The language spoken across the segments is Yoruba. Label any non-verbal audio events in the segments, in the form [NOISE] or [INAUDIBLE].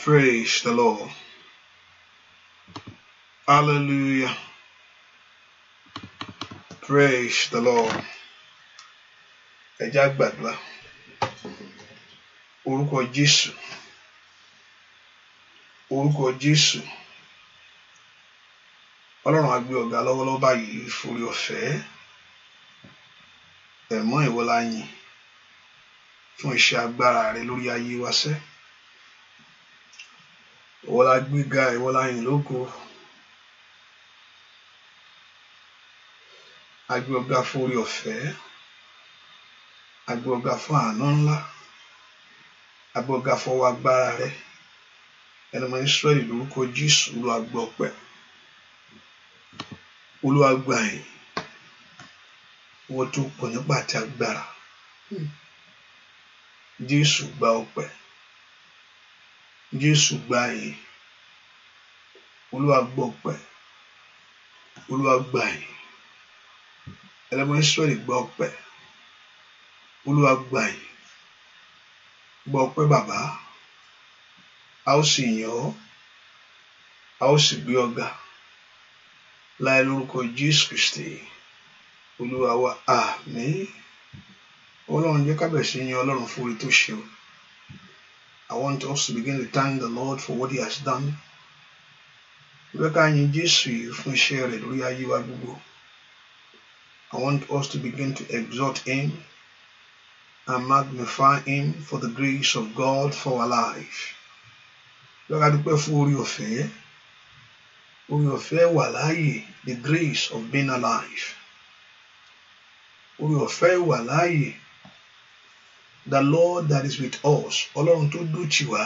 Praise the Lord. Hallelujah. Praise the Lord. Ẹ jẹ́ á gbàdúrà. Orúkọ Jésù. Orúkọ Jésù. Ọlọ́run á gbé ọ̀gá lọ́wọ́lọ́wọ́ báyìí forí ọ̀fẹ́. Ẹ̀mọ́ ìwọ fún iṣẹ́ agbára rẹ lórí ayé wa ìwọ la gbé ga ìwọ la yìn lógo a gbé ọgá fún orí ọ̀fẹ́ a gbé ọgá fún àánú ńlá a gbé ọgá fún ọwọ́ agbára rẹ ẹni mọ Ísírẹ́lì lórúkọ Jésù Olúwa gbọ́ ọpẹ́ Olúwa gbà tó pọ̀ nípa àti agbára hmm. Jésù gba ọpẹ́ jésù gbààyè olúwa gbọ́ ọpẹ́ olúwa gbààyè ẹlẹ́mọ israẹli gbọ́ ọpẹ́ olúwa gbààyè gbọ́ ọpẹ́ bàbá a ó sì yìn ọ́ a ó sì gbé ọ̀gá láì lórúkọ jésù kristi olúwa wa àmín ọlọ́run jẹ́ ká bẹ̀ ọlọ́run fún orí tó ṣe o. I want us to begin to thank the Lord for what He has done. Lọ́kà yín Jésù fún iṣẹ́ rẹ̀ lórí ayé wa gbogbo. I want us to begin to exhort Him and magnify Him for the grace of God for our life. Lọ́kà dúpẹ́ fún orí ọ̀fẹ́. Orí ọ̀fẹ́ wà láàyè the grace of being alive. Orí ọ̀fẹ́ wà láàyè the Lord that is with us ọlọ́run tó dóòtì wá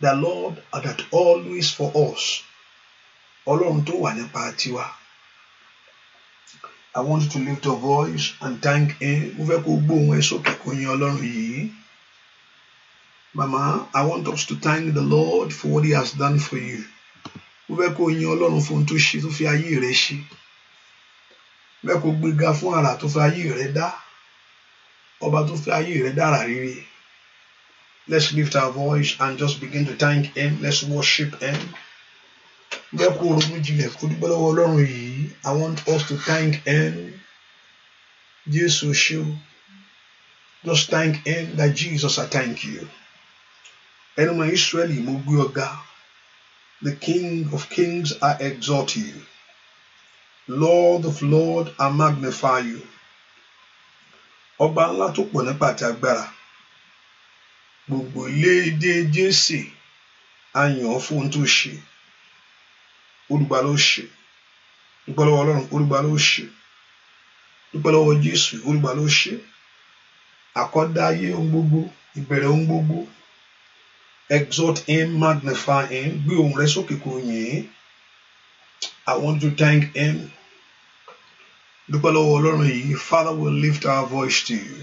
the Lord that always for us ọlọ́run tó wà I want you to lift your voice and thank him. Mo fẹ́ kó gbóhùn ẹ Mama, I want us to thank the Lord for what he has done for you. Mo fẹ́ kó yin ọlọ́run fún ohun tó ṣe tó fi ayé rẹ ṣe. Mo kó gbéga fún àrà tó fi ayé rẹ dá ọba tó fi ayé rẹ dára rere let's lift our voice and just begin to thank him let's worship him jẹ́ kó jinlẹ̀ kó dúpẹ́ lọ́wọ́ ọlọ́run yìí i want us to thank him Jesus, ṣe o just thank him that jesus i thank you ẹnu mọ israẹli mo gbé ọ̀gá the king of kings i exalt you lord of lords i magnify you ọba ńlá tó pọ̀ nípa àti agbára gbogbo léde jésè a yàn án fún ohun tó ṣe olùgbà ló ṣe dúpẹ́ lọ́wọ́ ọlọ́run olùgbà ló ṣe dúpẹ́ lọ́wọ́ jésù olùgbà ló ṣe àkọ́dá ayé ohun gbogbo ìbẹ̀rẹ̀ ohun gbogbo exalt him magnify him gbé ohùn rẹ sókè kò yìn ín i want to thank him dúpẹ́ lọ́wọ́ ọlọ́run yìí father will lift our voice to you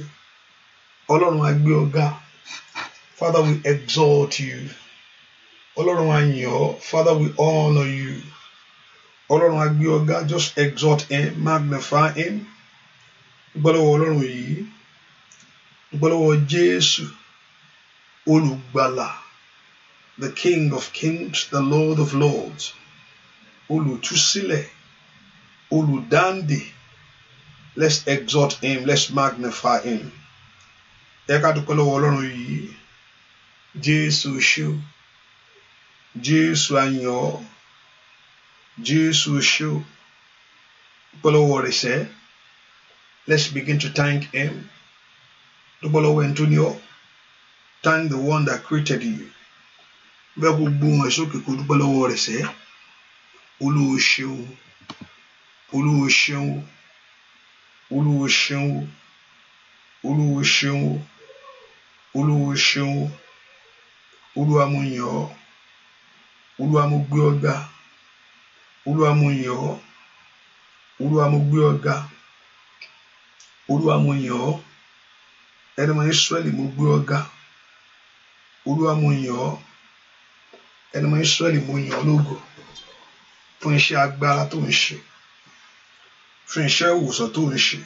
ọlọ́run á ọ̀gá father will exalt you ọlọ́run á ọ́ father will honour you ọlọ́run á ọ̀gá just exalt him magnify him dúpẹ́ lọ́wọ́ ọlọ́run yìí dúpẹ́ jésù olùgbàlà the king of kings the lord of lords olùtúsílẹ̀ olùdáǹdè. let's exalt him let's magnify him ẹ ká dúpẹ́ lọ́wọ́ ọlọ́run yìí jésù ṣú jésù ayọ̀ jésù ṣú dúpẹ́ lọ́wọ́ rẹ̀ sẹ́ let's begin to thank him dúpẹ́ lọ́wọ́ ẹni tó thank the one that created you bẹ́ẹ̀ kó gbóhùn ẹ̀ sókè kó dúpẹ́ lọ́wọ́ rẹ̀ sẹ́ olúwo ṣeun olúwo ṣeun o olúwo ṣeun o olúwo ṣeun o olúwa mo yàn ọ́ olúwa mo gbé ọ ga olúwa ẹni mọ Ísírẹ́lì mo gbé ọ ga olúwa ẹni mọ Ísírẹ́lì mo yàn ọ́ fún iṣẹ́ agbára tó ń ṣe fún iṣẹ́ ìwòsàn tó ń ṣe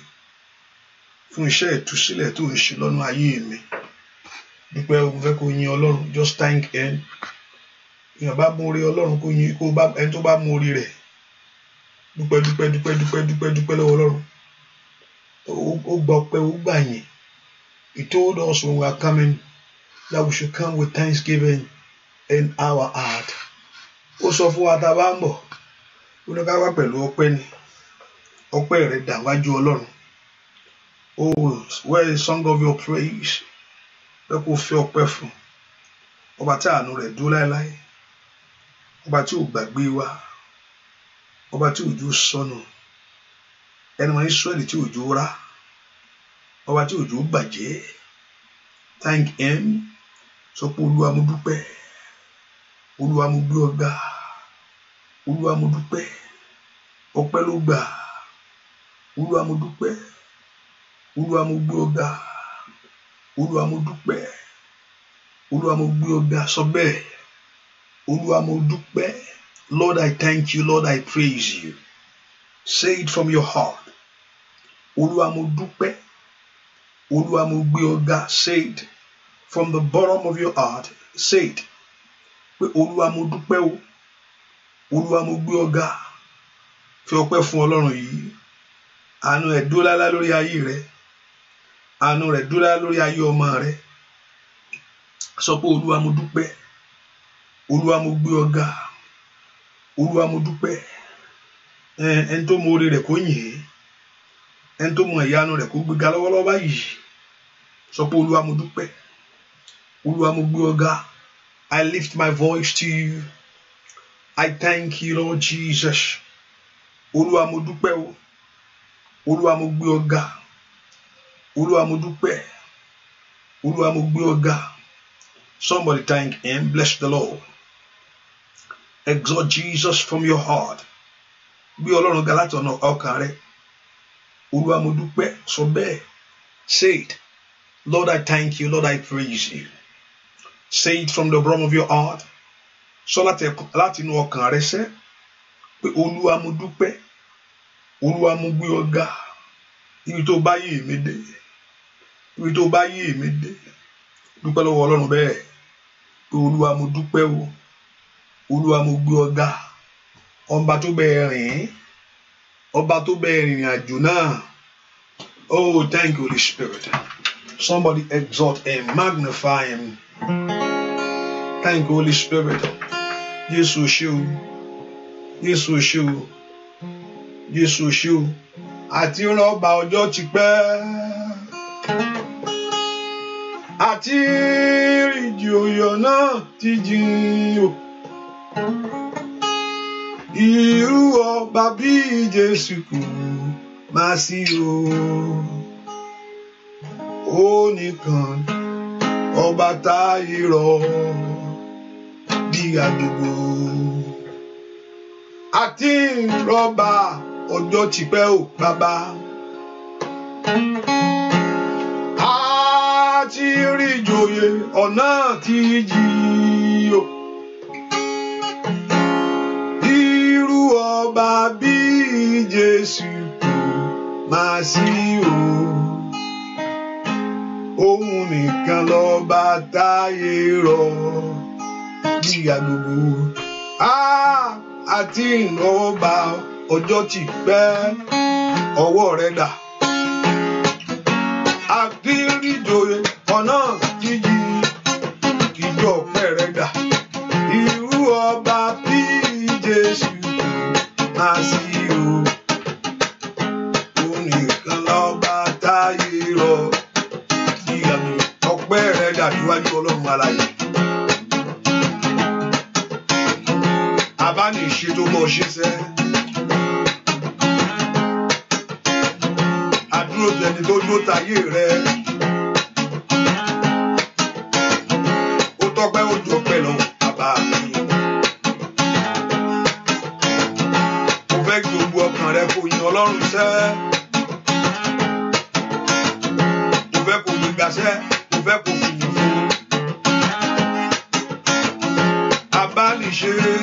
fún iṣẹ́ ìtúsílẹ̀ tó ń ṣe lọ́nà ayé mi dúpẹ́ o fẹ́ kó yin ọlọ́run just thank him èèyàn bá mú ọlọ́run kó yin kó ẹni tó bá mú rẹ̀ dúpẹ́ dúpẹ́ dúpẹ́ dúpẹ́ dúpẹ́ dúpẹ́ lọ́wọ́ ọlọ́run ó gba ọpẹ́ ó gbà yín he told us when we are coming that we should come with thanksgiving in our heart ó sọ fún wa tá a bá ń bọ̀ ó ní ká wá pẹ̀lú ọpẹ́ ni ọpẹ́ rẹ dàwájú ọlọ́run oh where is song of your praise pé kó fi ọpẹ́ fún ọba tí àánú rẹ̀ dúró láéláé ọba tí ò gbàgbé wa ọba tí òjò sọnù ẹni wọn Ísírẹ́lì tí òjò rá ọba tí òjò bàjẹ́ thank him sọ pé olúwa mo dúpẹ́ olúwa mo gbé ọgbà olúwa mo dúpẹ́ ọpẹ́ ló gbà á olúwa mo dúpẹ́ olúwa mo gbé ọ olúwa mo dúpẹ́ olúwa mo gbé ọ sọ bẹ́ẹ̀ olúwa mo dúpẹ́ lord i thank you lord i praise you say it from your heart olúwa mo dúpẹ́ olúwa mo gbé ọ say it from the bottom of your heart say it pé olúwa mo dúpẹ́ o olúwa mo gbé ọ fi ọpẹ́ fún ọlọ́run yìí àánú rẹ̀ dúró lálá lórí ayé rẹ̀ àánú rẹ̀ dúró lálá lórí ayé ọmọ rẹ̀ sọ pé olúwa mo dúpẹ́ olúwa mo gbé ọ olúwa mo dúpẹ́ ẹni tó mọ oore rẹ̀ kó yìn ín ẹni tó mọ ìyanu rẹ̀ kó gbéga lọ́wọ́lọ́wọ́ báyìí sọ pé olúwa mo dúpẹ́ olúwa mo gbé ọ I lift my voice to you I thank you Lord Jesus olúwa mo dúpẹ́ o olúwa mo gbé ọ ga olúwa mo dúpẹ́ olúwa mo gbé ọ ga somebody thank him bless the lord exalt jesus from your heart gbé ọlọ́run ga láti ọ̀nà ọkàn rẹ olúwa mo dúpẹ́ sọ bẹ́ẹ̀ say it lord i thank you lord i praise you say it from the bottom of your heart sọ láti inú ọkàn rẹ sẹ́ pé olúwa mo dúpẹ́ olúwa mo gbé ọ ga ibi tó bá yé mi dé ibi tó bá yé mi dé dúpẹ́ lọ́wọ́ ọlọ́run bẹ́ẹ̀ pé olúwa mo dúpẹ́ o olúwa mo gbé ọ ga ọba tó bẹ́ẹ̀ rìn ọba tó bẹ́ẹ̀ rìnrìn àjò náà oh thank you holy spirit somebody exalt him magnify him thank you holy spirit jésù ṣé o jésù ṣé o. Jésù ṣe o àti rọ́bà ọjọ́ ti pẹ́ àti ìrìnjì òyò náà ti jìn o irú ọba bí Jésù kù má sí o ó nìkan ọba tá irọ bí àdúgbò àti rọ́bà ọjọ́ ti pẹ́ ò bàbá. a ti rí ìjòyè ọ̀nà ti jì o. irú ọba bíi Jésù kò máa sí o. òun nìkan lọ́ba táyé rọ̀ jìyà gbogbo. a àti ìnáwó bá ọ ọjọ́ ti pẹ́ ọwọ́ rẹ dà. àdírìjòyè ọ̀nà jíjì ìjọ ọ̀pẹ rẹ dà. irú ọba bí Jésù máa sí o. òun nìkan lọ́ba táyé rọ. ọ̀pẹ rẹ dà níwájú ọlọ́run aláyé. abániṣe tó mọ̀ ṣe sẹ́ẹ́. dúró tẹni tó dúró tayé rẹ. ó tọ́pẹ́ ó jọ pẹ́ lọ bàbá mi. mo fẹ́ kí gbogbo ọkàn rẹ kó yin ọlọ́run sẹ́. mo fẹ́ kó gbégbá sẹ́ mo fẹ́ kó fìyìn fún. abániṣe.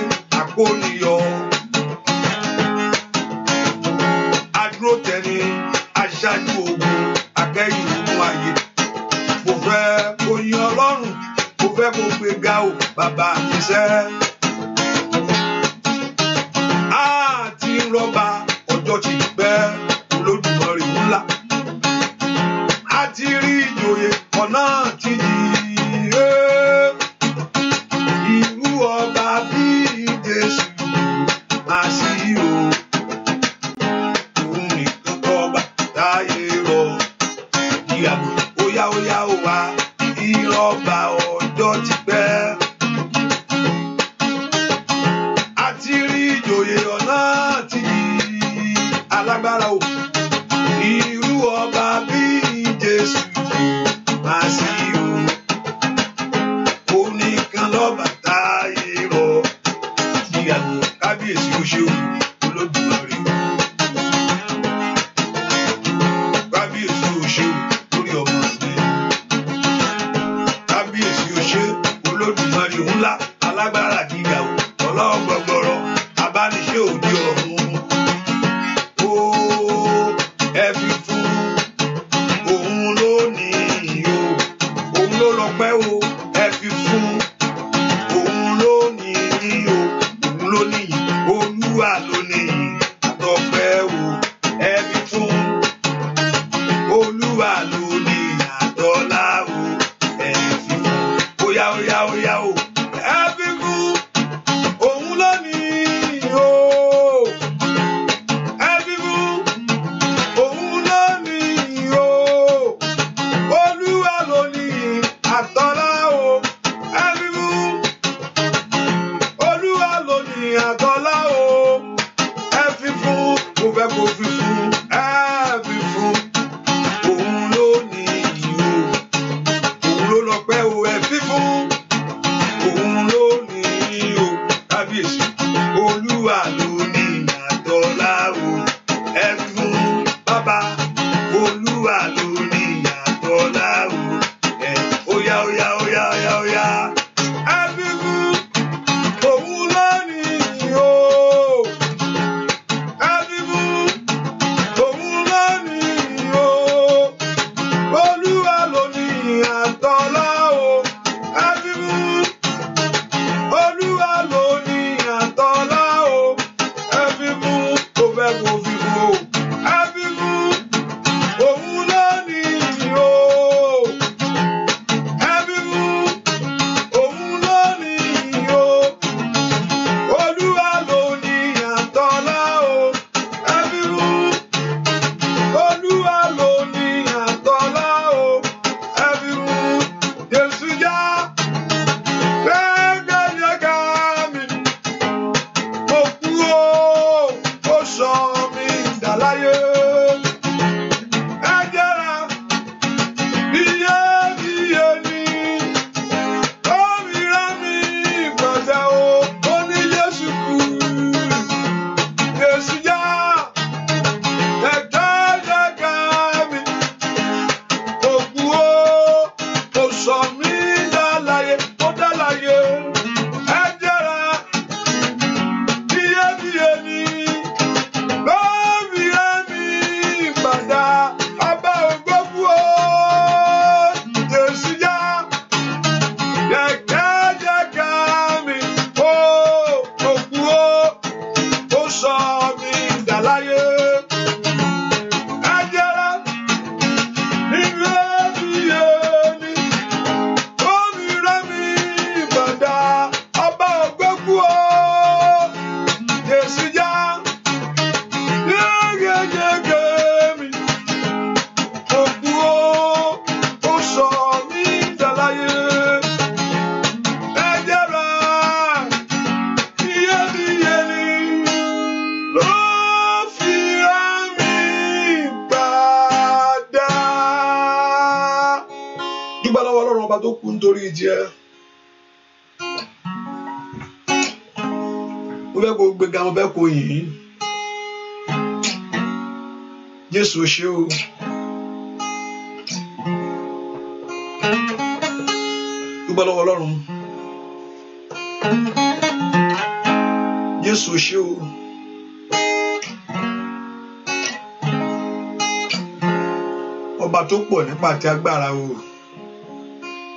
àti agbára o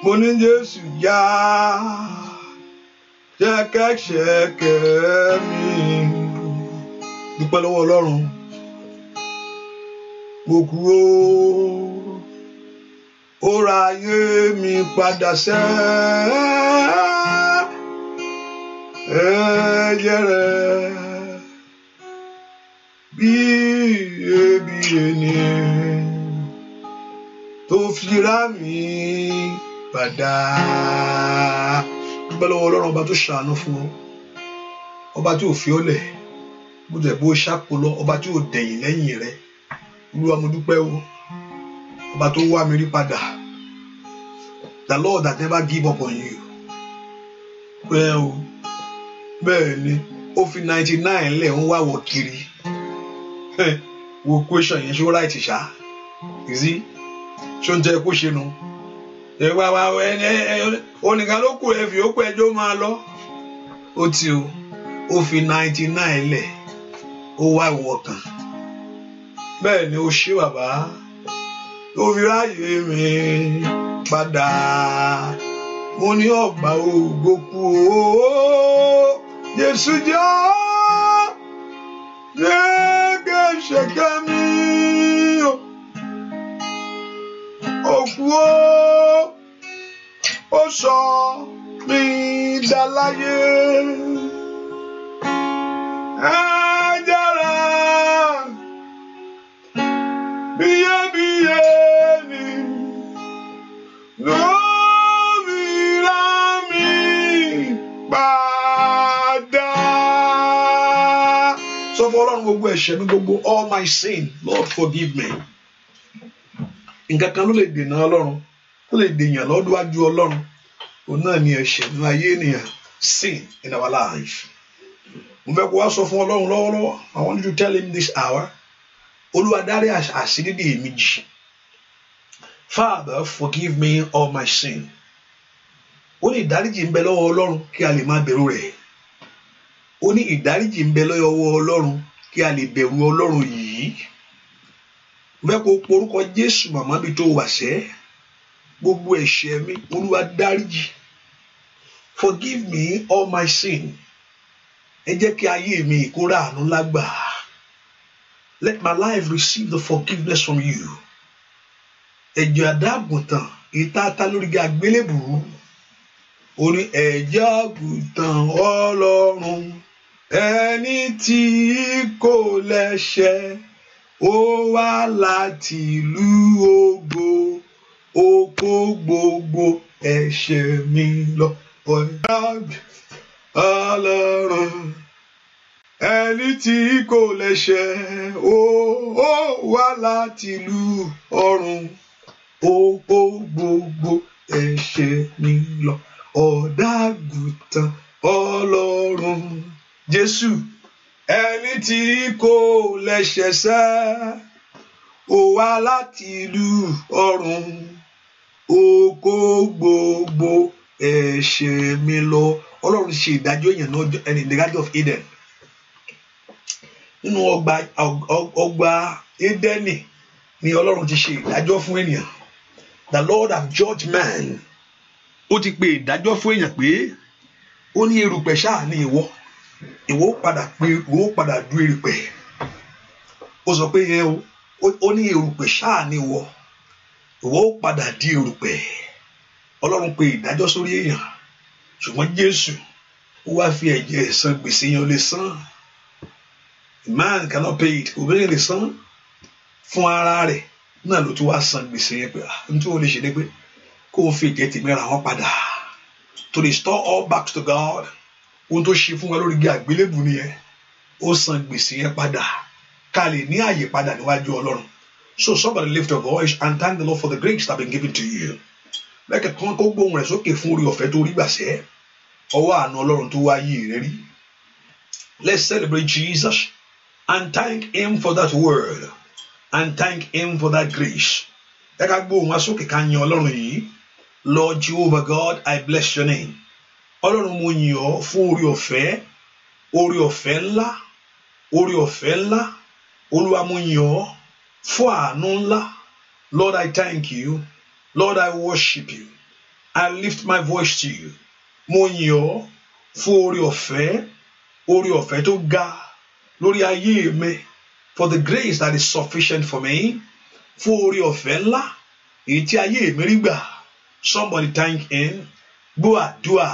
mo ní Jésù yá ṣẹ̀kẹ̀ṣẹ̀kẹ̀ mi dúpẹ́ lọ́wọ́ Ọlọ́run mo kúrò ó ayé mi padà sẹ́ẹ́ ẹ yẹrẹ. yíra mi padà dúpẹ́ lọ́wọ́ ọlọ́run ọba tó ṣàánú fún ọ ọba tí ò fi ọ́ lẹ̀ bó tẹ̀ bó ṣàpò ọba tí ò dẹ̀yìn lẹ́yìn rẹ olúwa mo dúpẹ́ o ọba tó wá mi rí padà the lord that never give up on you bẹ́ẹ̀ o bẹ́ẹ̀ ni ó fi ninety nine lẹ̀ ń wá wọ̀ kiri wo question yẹn ṣó right ṣá ṣóńtẹ kó ṣe nu ẹwà wa oníkan ló kù ẹfì ó kù ẹjọ́ máa lọ ó ti o ó fi ninety nine lẹ̀ ó wá ìwọ kan bẹ́ẹ̀ ni ó ṣe bàbá ó fi ráàyè mi padà mo ní ọgbà ògo kú o Jésù jọ ṣẹkẹ ṣẹkẹ mi òkú ó sọ mí dáláyé. Ájára bíyébíyé ni lórí rá mi padà. Sọ fún Ọlọ́run gbogbo ẹ̀ṣẹ̀ mi gbogbo all my sin Lord forgive me nǹkan kan ló lè dènà ọlọ́run tó lè dènyàn lọ́dúnwájú ọlọ́run òun náà ni ẹ̀ṣẹ̀ nínú ayé ènìyàn sin in our life mo fẹ́ kó wá sọ fún ọlọ́run lọ́wọ́lọ́wọ́ I want you to tell him this hour olúwa dárí àṣírídì èmi jì Father forgive me all my sin ó ní ìdáríjì ń bẹ lọ́wọ́ ọlọ́run kí a lè máa bẹ̀rù rẹ̀ ó ní ìdáríjì ń bẹ lọ́wọ́ ọlọ́run kí a lè bẹ̀rù ọlọ́run yìí fẹ́ kó porúkọ Jésù màmá bíi tó wà sẹ́ gbogbo ẹ̀ṣẹ̀ mi olúwa dáríjì forgive me all my sin ẹ jẹ́ kí ayé mi kó àánú lágbà let my life receive the forgiveness from you ẹ̀jẹ̀ àdáàgùntàn ìtaata lórí àgbélébùú orí ẹ̀jẹ̀ àgùntàn ọlọ́run ẹni tí kò lẹ́ṣẹ̀ ó wá láti ìlú ògo ó kó gbogbo ẹ̀ṣẹ̀ mi lọ ọ̀dọ̀ ọlọ́run ẹni tí kò lẹ́ṣẹ̀ ó ó wá láti ìlú ọ̀run ó kó gbogbo ẹ̀ṣẹ̀ mi lọ ọ̀dọ̀ àgùntàn ọlọ́run jésù ẹni tí kò lẹ́sẹ̀ sá ó wá láti ìlú ọ̀run ó kó gbogbo ẹ̀ṣẹ̀ mi lọ ọlọ́run ṣe ìdájọ́ èèyàn náà ẹni the garden of Eden nínú ọgbà ọgbà Edeni ni ọlọ́run ti ṣe ìdájọ́ fún ènìyàn the Lord have judged man ó ti pe ìdájọ́ fún èèyàn pé ó ní erùpẹ̀ ṣáà ní ìwọ ìwọ padà pé ìwọ padà du erùpẹ̀ o sọ pé yẹn o ó ní erùpẹ̀ ṣáà ni wọ ìwọ padà di erùpẹ̀ ọlọ́run pé ìdájọ́ sórí èèyàn ṣùgbọ́n jésù ó wá fi ẹ̀jẹ̀ san gbèsè yẹn lè san man cannot pay it obìnrin lè san fún ara rẹ̀ náà ló tún wá san gbèsè yẹn pé nítorí o lè ṣe ni pé kó o fi ìjẹ́ tèmi ra wọn padà to restore all back to God ohun tó ṣe fún wa lórí igi àgbélébù nìyẹn ó san gbèsè yẹn padà ká lè ní àyè padà níwájú ọlọ́run so somebody lift your voice and thank the Lord for the grace that been given to you lẹ́kẹ̀ kan kó gbóhùn rẹ̀ sókè fún orí ọ̀fẹ́ tó rí gbàṣẹ́ ọwọ́ àánú ọlọ́run tó wáyé rẹ̀ rí let's celebrate Jesus and thank him for that word and thank him for that grace lẹ́ka gbóhùn wa sókè ká yan ọlọ́run yìí Lord Jehovah God I bless your name ọlọ́run mo yìn ọ́ fún orí ọ̀fẹ́ orí ọ̀fẹ́ ńlá orí ọ̀fẹ́ ńlá olúwa mo yìn ọ́ fún àánú ńlá Lord I thank you Lord I worship you I lift my voice to you mo yìn ọ́ fún orí ọ̀fẹ́ orí ọ̀fẹ́ tó ga lórí ayé mi for the grace that is sufficient for me fún orí ọ̀fẹ́ ńlá èyí tí ayé mi rí gbà somebody thank him gbọ́ àdúrà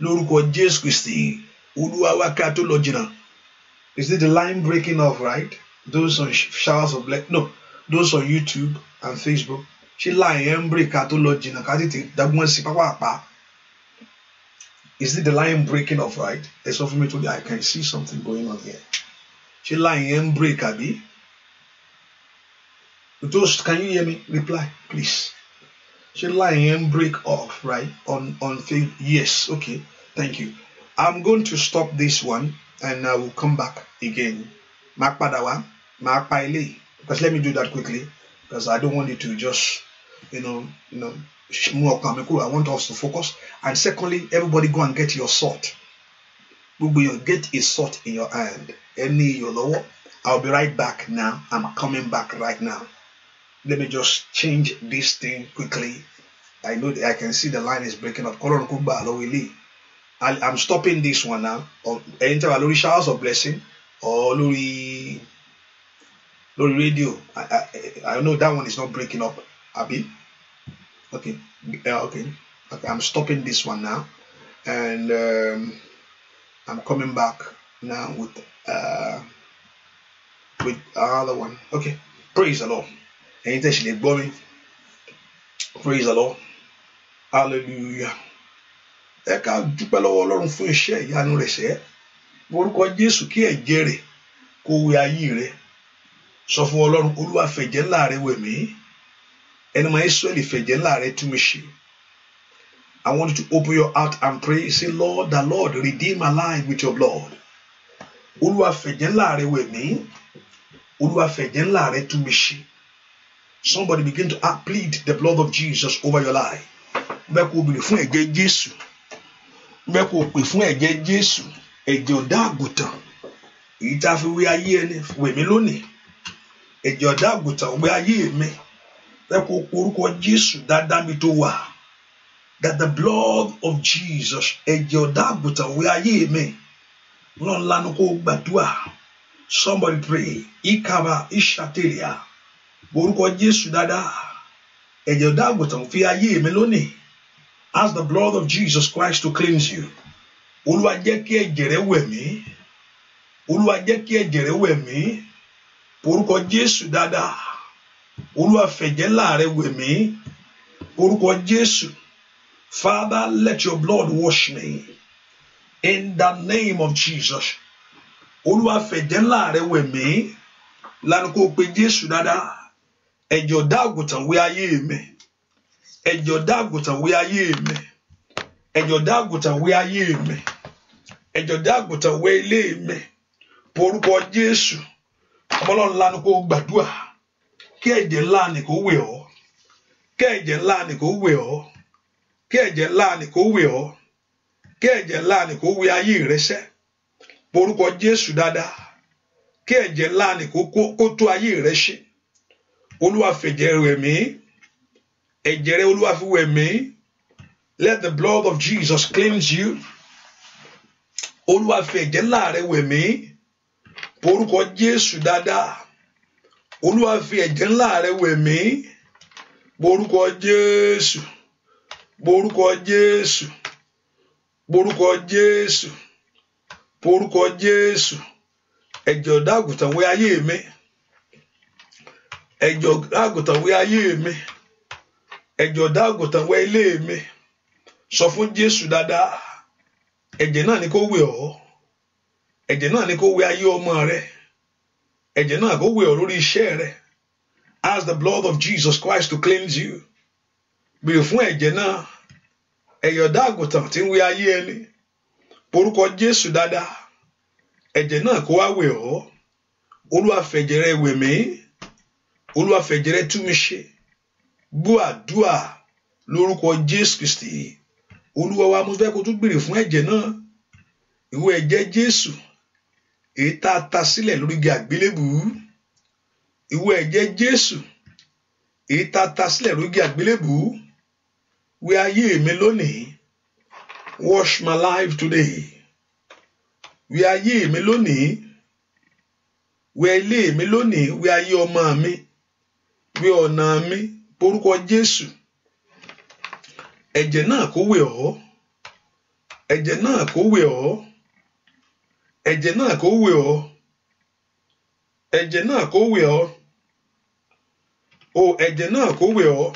lórúkọ Jésù Kristi olúwa wa ká tó lọ jìnnà is it the line breaking off right those on showers of blessing no those on YouTube and Facebook ṣé line yẹn ń break ká tó lọ jìnnà ká tètè dágbọ́n sí pápápá is it the line breaking off right ẹ sọ fún mi tó dé I can see something going on here ṣé line yẹn ń break àbí those can you hear me reply please. Should and break off, right? On on thing. Yes. Okay. Thank you. I'm going to stop this one and I will come back again. Mark Padawa, Mark Piley. Because let me do that quickly. Because I don't want it to just, you know, you know, I want us to focus. And secondly, everybody go and get your sword. We will get a sword in your hand. Any iyo ìyọ̀ lọ́wọ́. I'll be right back now. I'm coming back right now let me just change this thing quickly. I know I can see the line is breaking up. I'm stopping this one now. Enter a lórí showers of blessing or lórí lórí radio. I, I, I know that one is not breaking up. Abi? Okay. Uh, okay. Okay. I'm stopping this one now. And um, I'm coming back now with uh, with another one. Okay. Praise the Lord. ẹ̀yin tẹ́ ṣì lè gbọ́ mi praise the lord hallelujah ẹ ká dúpẹ́ lọ́wọ́ ọlọ́run fún iṣẹ́ ìyanu rẹ̀ ṣẹ́ orúkọ jésù kí ẹ̀jẹ̀ rẹ̀ kó wẹ ayé rẹ̀ sọ fún ọlọ́run olúwa fẹ̀jẹ̀ ńlá rẹ̀ wẹ̀ mí ẹni máa israẹli fẹ̀jẹ̀ ńlá rẹ̀ tún mi ṣe I want you to open your heart and pray say lord the lord redeem my life with your blood olúwa fẹ̀jẹ̀ ńlá rẹ̀ wẹ̀ mí olúwa fẹ̀jẹ̀ ńlá rẹ̀ tún mi ṣe Somebody begin to plead the blood of Jesus over your life. Bẹ́ẹ̀ kò bèrè fún ẹ̀jẹ̀ Jésù. Bẹ́ẹ̀ kò pè fún ẹ̀jẹ̀ Jésù. Ẹ̀jẹ̀ ọ̀dá àgùntàn. Èyí tá a fi wé ayé ẹni wẹ̀ mí lónìí. Ẹ̀jẹ̀ ọ̀dá àgùntàn wé ayé mi. Bẹ́ẹ̀ kò porúkọ Jésù dáadáa mi tó wà. That the blood of Jesus ẹ̀jẹ̀ ọ̀dá àgùntàn wé ayé mi. Lọ́nlanu kó gbàdúrà. Somebody pray. Ikaba Ishateria orúkọ Jésù dáadáa ẹ̀jẹ̀ ọ̀dọ́ àgùntàn fi ayé mi lónìí ask the blood of Jesus Christ to cleanse you olúwa jẹ́ kí ẹ̀jẹ̀ rẹ wẹ̀ mí olúwa jẹ́ kí ẹ̀jẹ̀ rẹ wẹ̀ mí orúkọ Jésù dáadáa olúwa fẹ̀jẹ̀ ńlá wẹ̀ mí orúkọ Jésù Father let your blood wash me in the name of Jesus olúwa fẹ̀jẹ̀ ńlá rẹ wẹ̀ mí lánàá kó pe Jésù dáadáa ẹ̀jẹ̀ ọ̀dá àgùntàn wé ayé mi ẹ̀jẹ̀ ọ̀dá àgùntàn wé ayé mi ẹ̀jẹ̀ ọ̀dá àgùntàn wé ayé mi ẹ̀jẹ̀ ọ̀dá àgùntàn wé ilé mi porúkọ Jésù ọmọlọ́run ńlá ni kò gbàdúrà kí ẹ̀jẹ̀ ńlá ni kò wẹ̀ ọ́ kí ẹ̀jẹ̀ ńlá ni kò wẹ̀ ọ́ kí ẹ̀jẹ̀ ńlá ni kò wẹ̀ ọ́ kí ẹ̀jẹ̀ ńlá ni kò wẹ ayé rẹ sẹ́ porúkọ Jésù dáadáa kí ẹ̀jẹ̀ ńlá ni kò tó ayé rẹ ṣe olúwa fẹ̀jẹ̀ rẹ̀ mí ẹ̀jẹ̀ rẹ̀ olúwa let the blood of Jesus cleanse you olúwa fẹ̀jẹ̀ ńlá rẹ̀ wẹ̀ mí porúkọ Jésù dáadáa olúwa fi ẹ̀jẹ̀ ńlá rẹ̀ wẹ̀ mí porúkọ Jésù porúkọ Jésù porúkọ Jésù porúkọ Jésù ẹ̀jẹ̀ mi. ẹ̀jọ̀ àgùntàn wẹ ayé mi ẹ̀jọ̀ sọ fún Jésù dáadáa ẹjẹ náà ni kó wẹ ọ ẹ̀jẹ̀ náà ni ọmọ rẹ ẹjẹ náà kó wẹ ọ lórí iṣẹ rẹ ask the blood of Jesus Christ to cleanse you béèrè fún ẹjẹ náà ẹyọ ọ̀dà àgùntàn tí ń wẹ ayé ẹni porúkọ Jésù dáadáa náà wá wẹ olúwa fẹ̀jẹ̀rẹ̀ tú mi ṣe gbọ́ àdúà lórúkọ jésù kristi olúwa wa mo fẹ́ kó tún béèrè fún ẹ̀jẹ̀ náà ìwọ ẹ̀jẹ̀ jésù èyí tá a ta sílẹ̀ lórí igi àgbélébùú ìwọ ẹ̀jẹ̀ jésù èyí tá a ta sílẹ̀ lórí igi àgbélébùú wẹ ayé mi lónìí wash my life today wẹ ayé mi lónìí wẹ ilé mi lónìí wẹ ayé ọmọ mi wẹ ọ̀nà mi porúkọ Jésù ẹ̀jẹ̀ náà kó wẹ ọ́ ẹ̀jẹ̀ náà kó wẹ ọ́ ẹ̀jẹ̀ náà kó wẹ ọ́ ẹ̀jẹ̀ náà kó ọ́ o ẹ̀jẹ̀ náà kó wẹ ọ́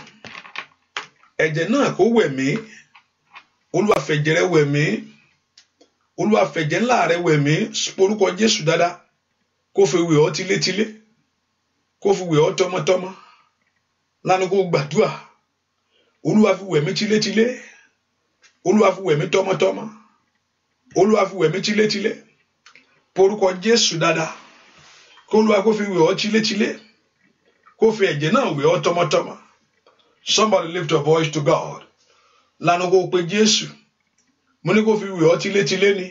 ẹ̀jẹ̀ náà kó wẹ̀ mí rẹ wẹ̀ mí ńlá rẹ wẹ̀ mí Jésù dáadáa kó fi ọ́ tilétilé kó lánàá kó gbàdúrà olúwa fi wẹ̀mí tilétilé olúwa fi wẹ̀mí tọmọtọmọ olúwa fi wẹ̀mí tilétilé porúkọ jésù dáadáa kó olúwa kó fi wẹ̀ ọ́ tilétilé kó fi ẹ̀jẹ̀ náà wẹ̀ ọ́ tọmọtọmọ somebody lift your voice to God lánàá kó pe jésù mo ní kó fi wẹ̀ ọ́ tilétilé ni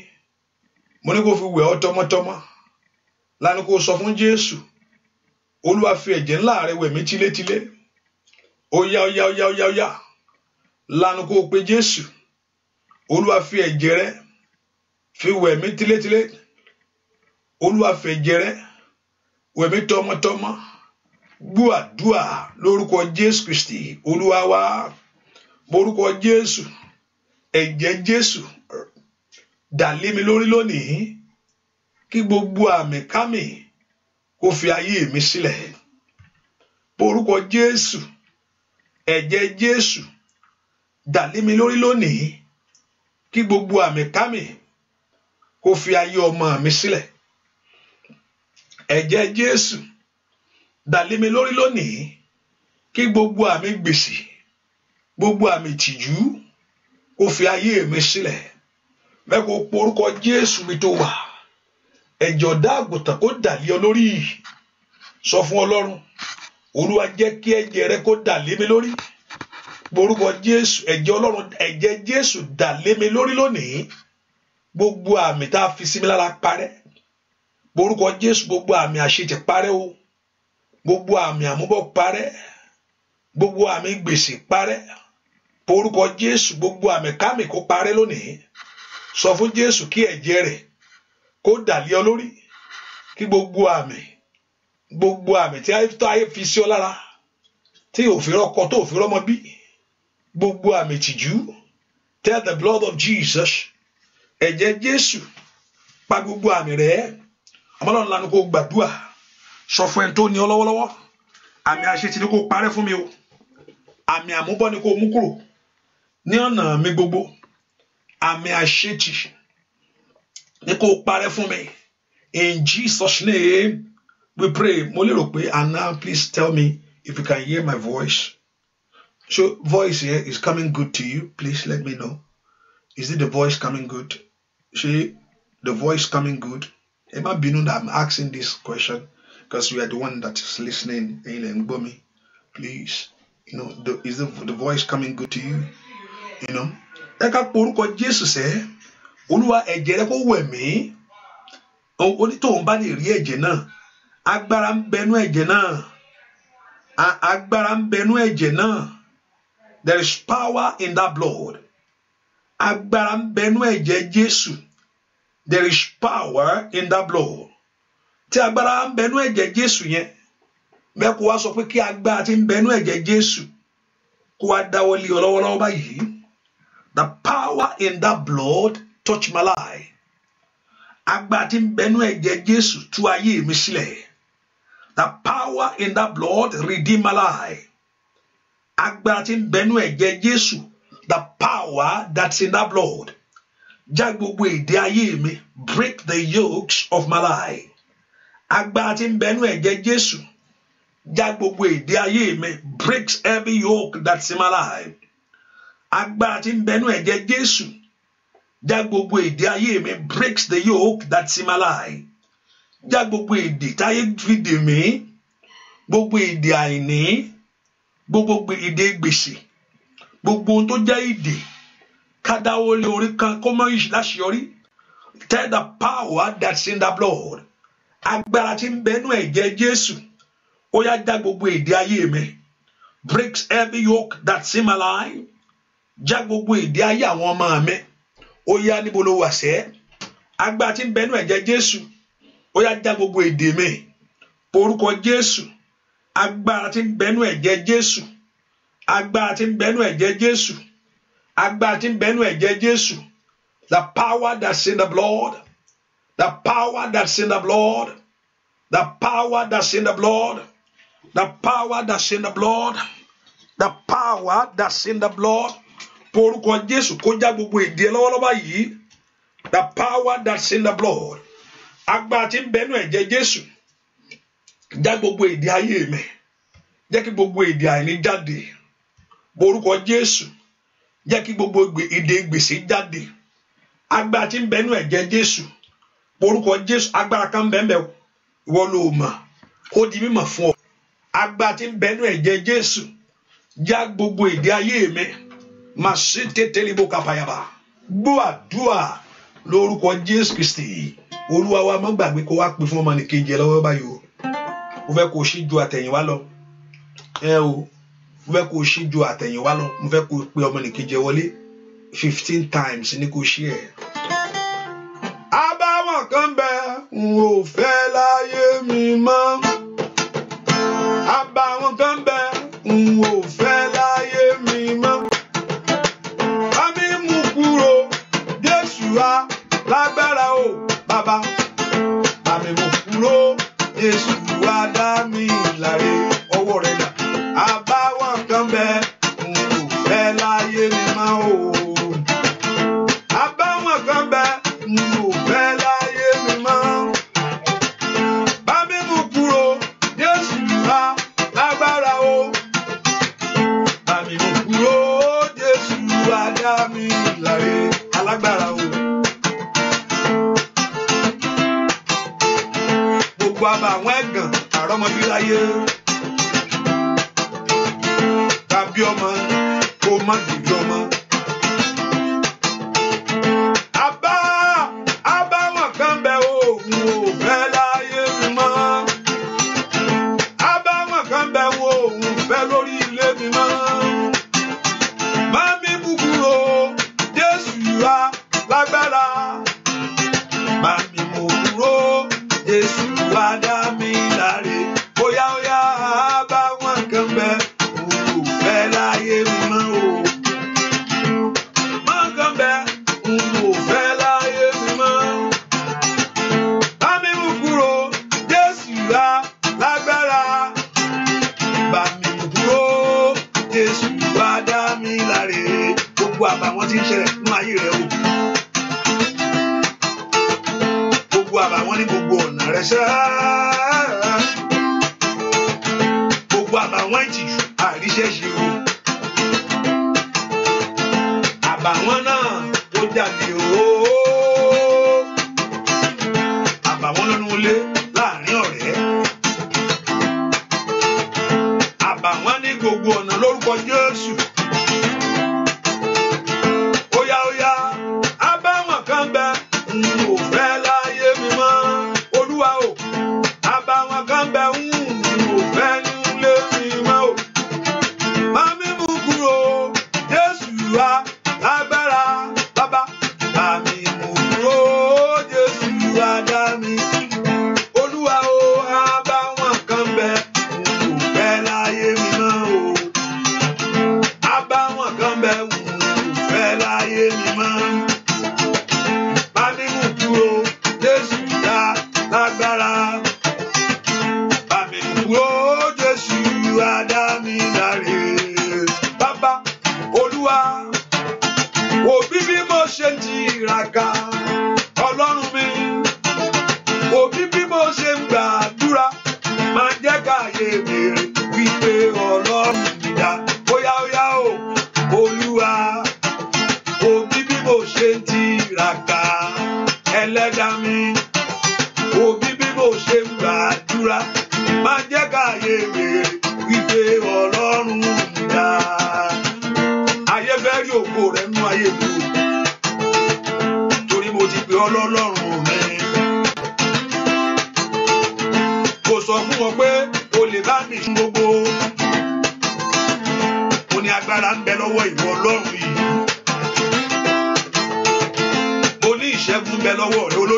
mo ní kó fi wẹ̀ ọ́ tọmọtọmọ lánàá kó sọ fún jésù olúwa fi ẹ̀jẹ̀ ńlá rẹ̀ wẹ̀mí tilétilé. Oya oya oya oya, óyá lanu kó o pe jésù olúwa fi ẹ̀jẹ̀ rẹ fi wẹ̀ mí tilétilé olúwa fi ẹ̀jẹ̀ rẹ wẹ̀ mí tọmọtọmọ gbọ́ àdúà lórúkọ jésù kristi olúwa wa borúkọ jésù ẹ̀jẹ̀ jésù dà lé mi lórí lónìí kí gbogbo àmì kámi kó fi ayé mi sílẹ̀ borúkọ jésù ẹ̀jẹ̀ Jésù dàlémi lórí lónìí kí gbogbo àmìkámì kó fi ayé ọmọ mi sílẹ̀ ẹ̀jẹ̀ Jésù dàlémi lórí lónìí kí gbogbo àmì gbèsè gbogbo àmì tìjú kó fi ayé mi sílẹ̀ mẹ́kọ̀ọ́ porúkọ Jésù mi tó wà ẹ̀jẹ̀ ọ̀dá àgùntàn kó dàlé ọ lórí sọ fún Ọlọ́run olúwa jẹ́ kí ẹ̀jẹ̀ rẹ kó dà lé mi lórí gborúkọ jésù ẹ̀jẹ̀ ọlọ́run ẹ̀jẹ̀ jésù dà lé mi lórí lónìí gbogbo àmì tá a fi sí mi lára parẹ́ gborúkọ jésù gbogbo àmì àṣetì parẹ́ o gbogbo àmì àmúbọ̀ parẹ́ gbogbo àmì gbèsè parẹ́ gborúkọ jésù gbogbo àmì kámi kó parẹ́ lónìí sọ fún jésù kí ẹ̀jẹ̀ rẹ̀ kó dà lé ọ lórí kí gbogbo àmì gbogbo àmì tí ayé fi sí ọ lára tí òfin ọkọ tó òfin ọmọ bí gbogbo àmì tìjú tell the blood of Jesus ẹ̀jẹ̀ Jésù pa gbogbo àmì rẹ̀ ọmọlọ́run lanu kó gbàdúà sọ fún ẹni tó ní ọ lọ́wọ́lọ́wọ́ àmì àṣetì ni kó parẹ́ fún mi o àmì àmúbọ́ ni kó mú kúrò ní ọ̀nà mi gbogbo àmì àṣetì ni kó parẹ́ fún mi in Jesus name we pray mo lérò pé anna please tell me if you can hear my voice so voice here is coming good to you please let me know is it the voice coming good ṣé the voice coming good ẹ má bínú that i'm asking this question because you are the one that is listening ẹ̀yin lẹ ń gbọ́ mi please you know the, is the, the voice coming good to you you know ẹ ká pe orúkọ jésù sẹ olúwa ẹ̀jẹ̀ rẹ kó wẹ̀ mí onítòun bá lè rí ẹ̀jẹ̀ náà agbára ń bẹnu ẹ̀jẹ̀ náà agbára ń bẹnu ẹ̀jẹ̀ náà there is power in that blood agbára ń bẹnu ẹ̀jẹ̀ Jésù there is power in that blood tí agbára ń bẹnu ẹ̀jẹ̀ Jésù yẹn bẹ́ẹ̀ kó wá sọ pé kí agbára ti ń bẹnu ẹ̀jẹ̀ Jésù kó wá dáwọ́ lé ọ báyìí the power in that blood touch my life agbára ti ń bẹnu ẹ̀jẹ̀ Jésù tú ayé mi sílẹ̀. The power in that blood redeem my life. Agbára tí ń bẹnu ẹ̀jẹ̀ Jésù. The power that's in that blood. Já gbogbo èdè ayé mi. Break the yokes of my life. Agbára tí ń bẹnu ẹ̀jẹ̀ Jésù. Já gbogbo èdè ayé mi. Breaks every yoke that's in my life. Agbára tí ń bẹnu ẹ̀jẹ̀ Jésù. Já gbogbo èdè ayé mi. Breaks the yoke that's in my life já gbogbo èdè táyé fi dè mí gbogbo èdè àìní gbogbo èdè gbèsè gbogbo ohun tó jẹ́ èdè kádáwó lé orí kan kó mọ́ láṣeyọrí tell the power that's in the blood agbára tí ń bẹnu ẹ̀jẹ̀ Jésù ó yá já gbogbo èdè ayé mi breaks every yoke that's in my life já gbogbo èdè ayé àwọn ọmọ mi ó yá níbo ló wà sẹ́ agbára tí ń bẹnu ẹ̀jẹ̀ Jésù ó yá já gbogbo èdè mi porúkọ jésù agbára tí ń bẹnu ẹ̀jẹ̀ jésù agbára tí ń bẹnu ẹ̀jẹ̀ jésù agbára tí ń bẹnu ẹ̀jẹ̀ jésù the power that's in the blood the power that's in the blood the power that's in the blood the power that's in the blood the power that's in the blood porúkọ jésù kó já gbogbo èdè lọ́wọ́lọ́wọ́ yìí the power that's in the blood. agbára tí ń bẹnu ẹ̀jẹ̀ Jésù já gbogbo èdè ayé mi jẹ́ kí gbogbo èdè àìní jáde borúkọ Jésù jẹ́ kí gbogbo èdè gbèsè jáde agbára tí ń bẹnu ẹ̀jẹ̀ Jésù borúkọ Jésù agbára kan bẹ́ẹ̀ ìwọ ló ó di mímọ̀ fún ọ agbára tí ń bẹnu ẹ̀jẹ̀ Jésù já gbogbo èdè ayé mi màá sí tètè níbo kàpàyàbà gbọ́ àdúrà lórúkọ Jésù Kristi. olúwa wa má gbàgbé kó wá pín fún ọmọnìkejì ẹ lọ́wọ́ báyìí o mo fẹ́ kó o ṣí ju àtẹ̀yìnwá lọ ẹ o mo fẹ́ kó o ṣí ju àtẹ̀yìnwá lọ mo fẹ́ kó o pe ọmọnìkejì ẹ wọlé fifteen times ní kó o ṣí ẹ. àbáwọn kan bẹ n ò fẹ́ láyé mi mọ́ àbáwọn kan bẹ n ò fẹ́. is ẹlẹ́dá mi wo bí bíbò ṣe ń gbàdúrà má jẹ́ káyé mi wípé ọlọ́run dá ayé fẹ́ rí òkú rẹ̀ nú ayé mi torí mo ti pè ọlọ́lọ́run mi kò sọ fún wọn pé o lè bá mi fún gbogbo mo ní agbára ń bẹ lọ́wọ́ ìlú. bẹ lọ́wọ́ rẹ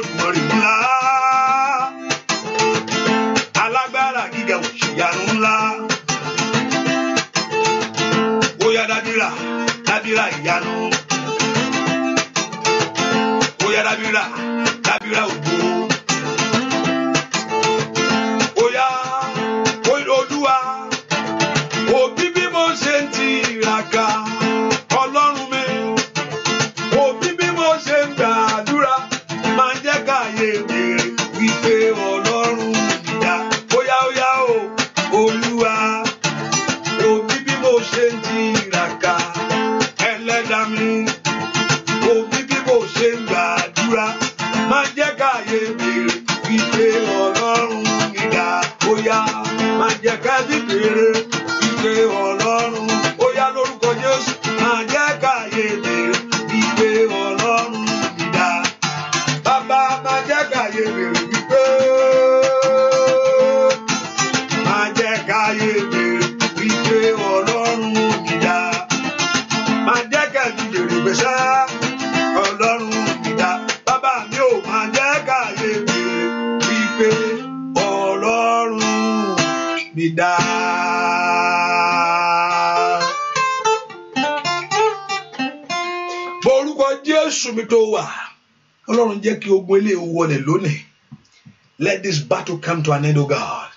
kí ogun ilé wọlé lónìí let this battle come to an end o God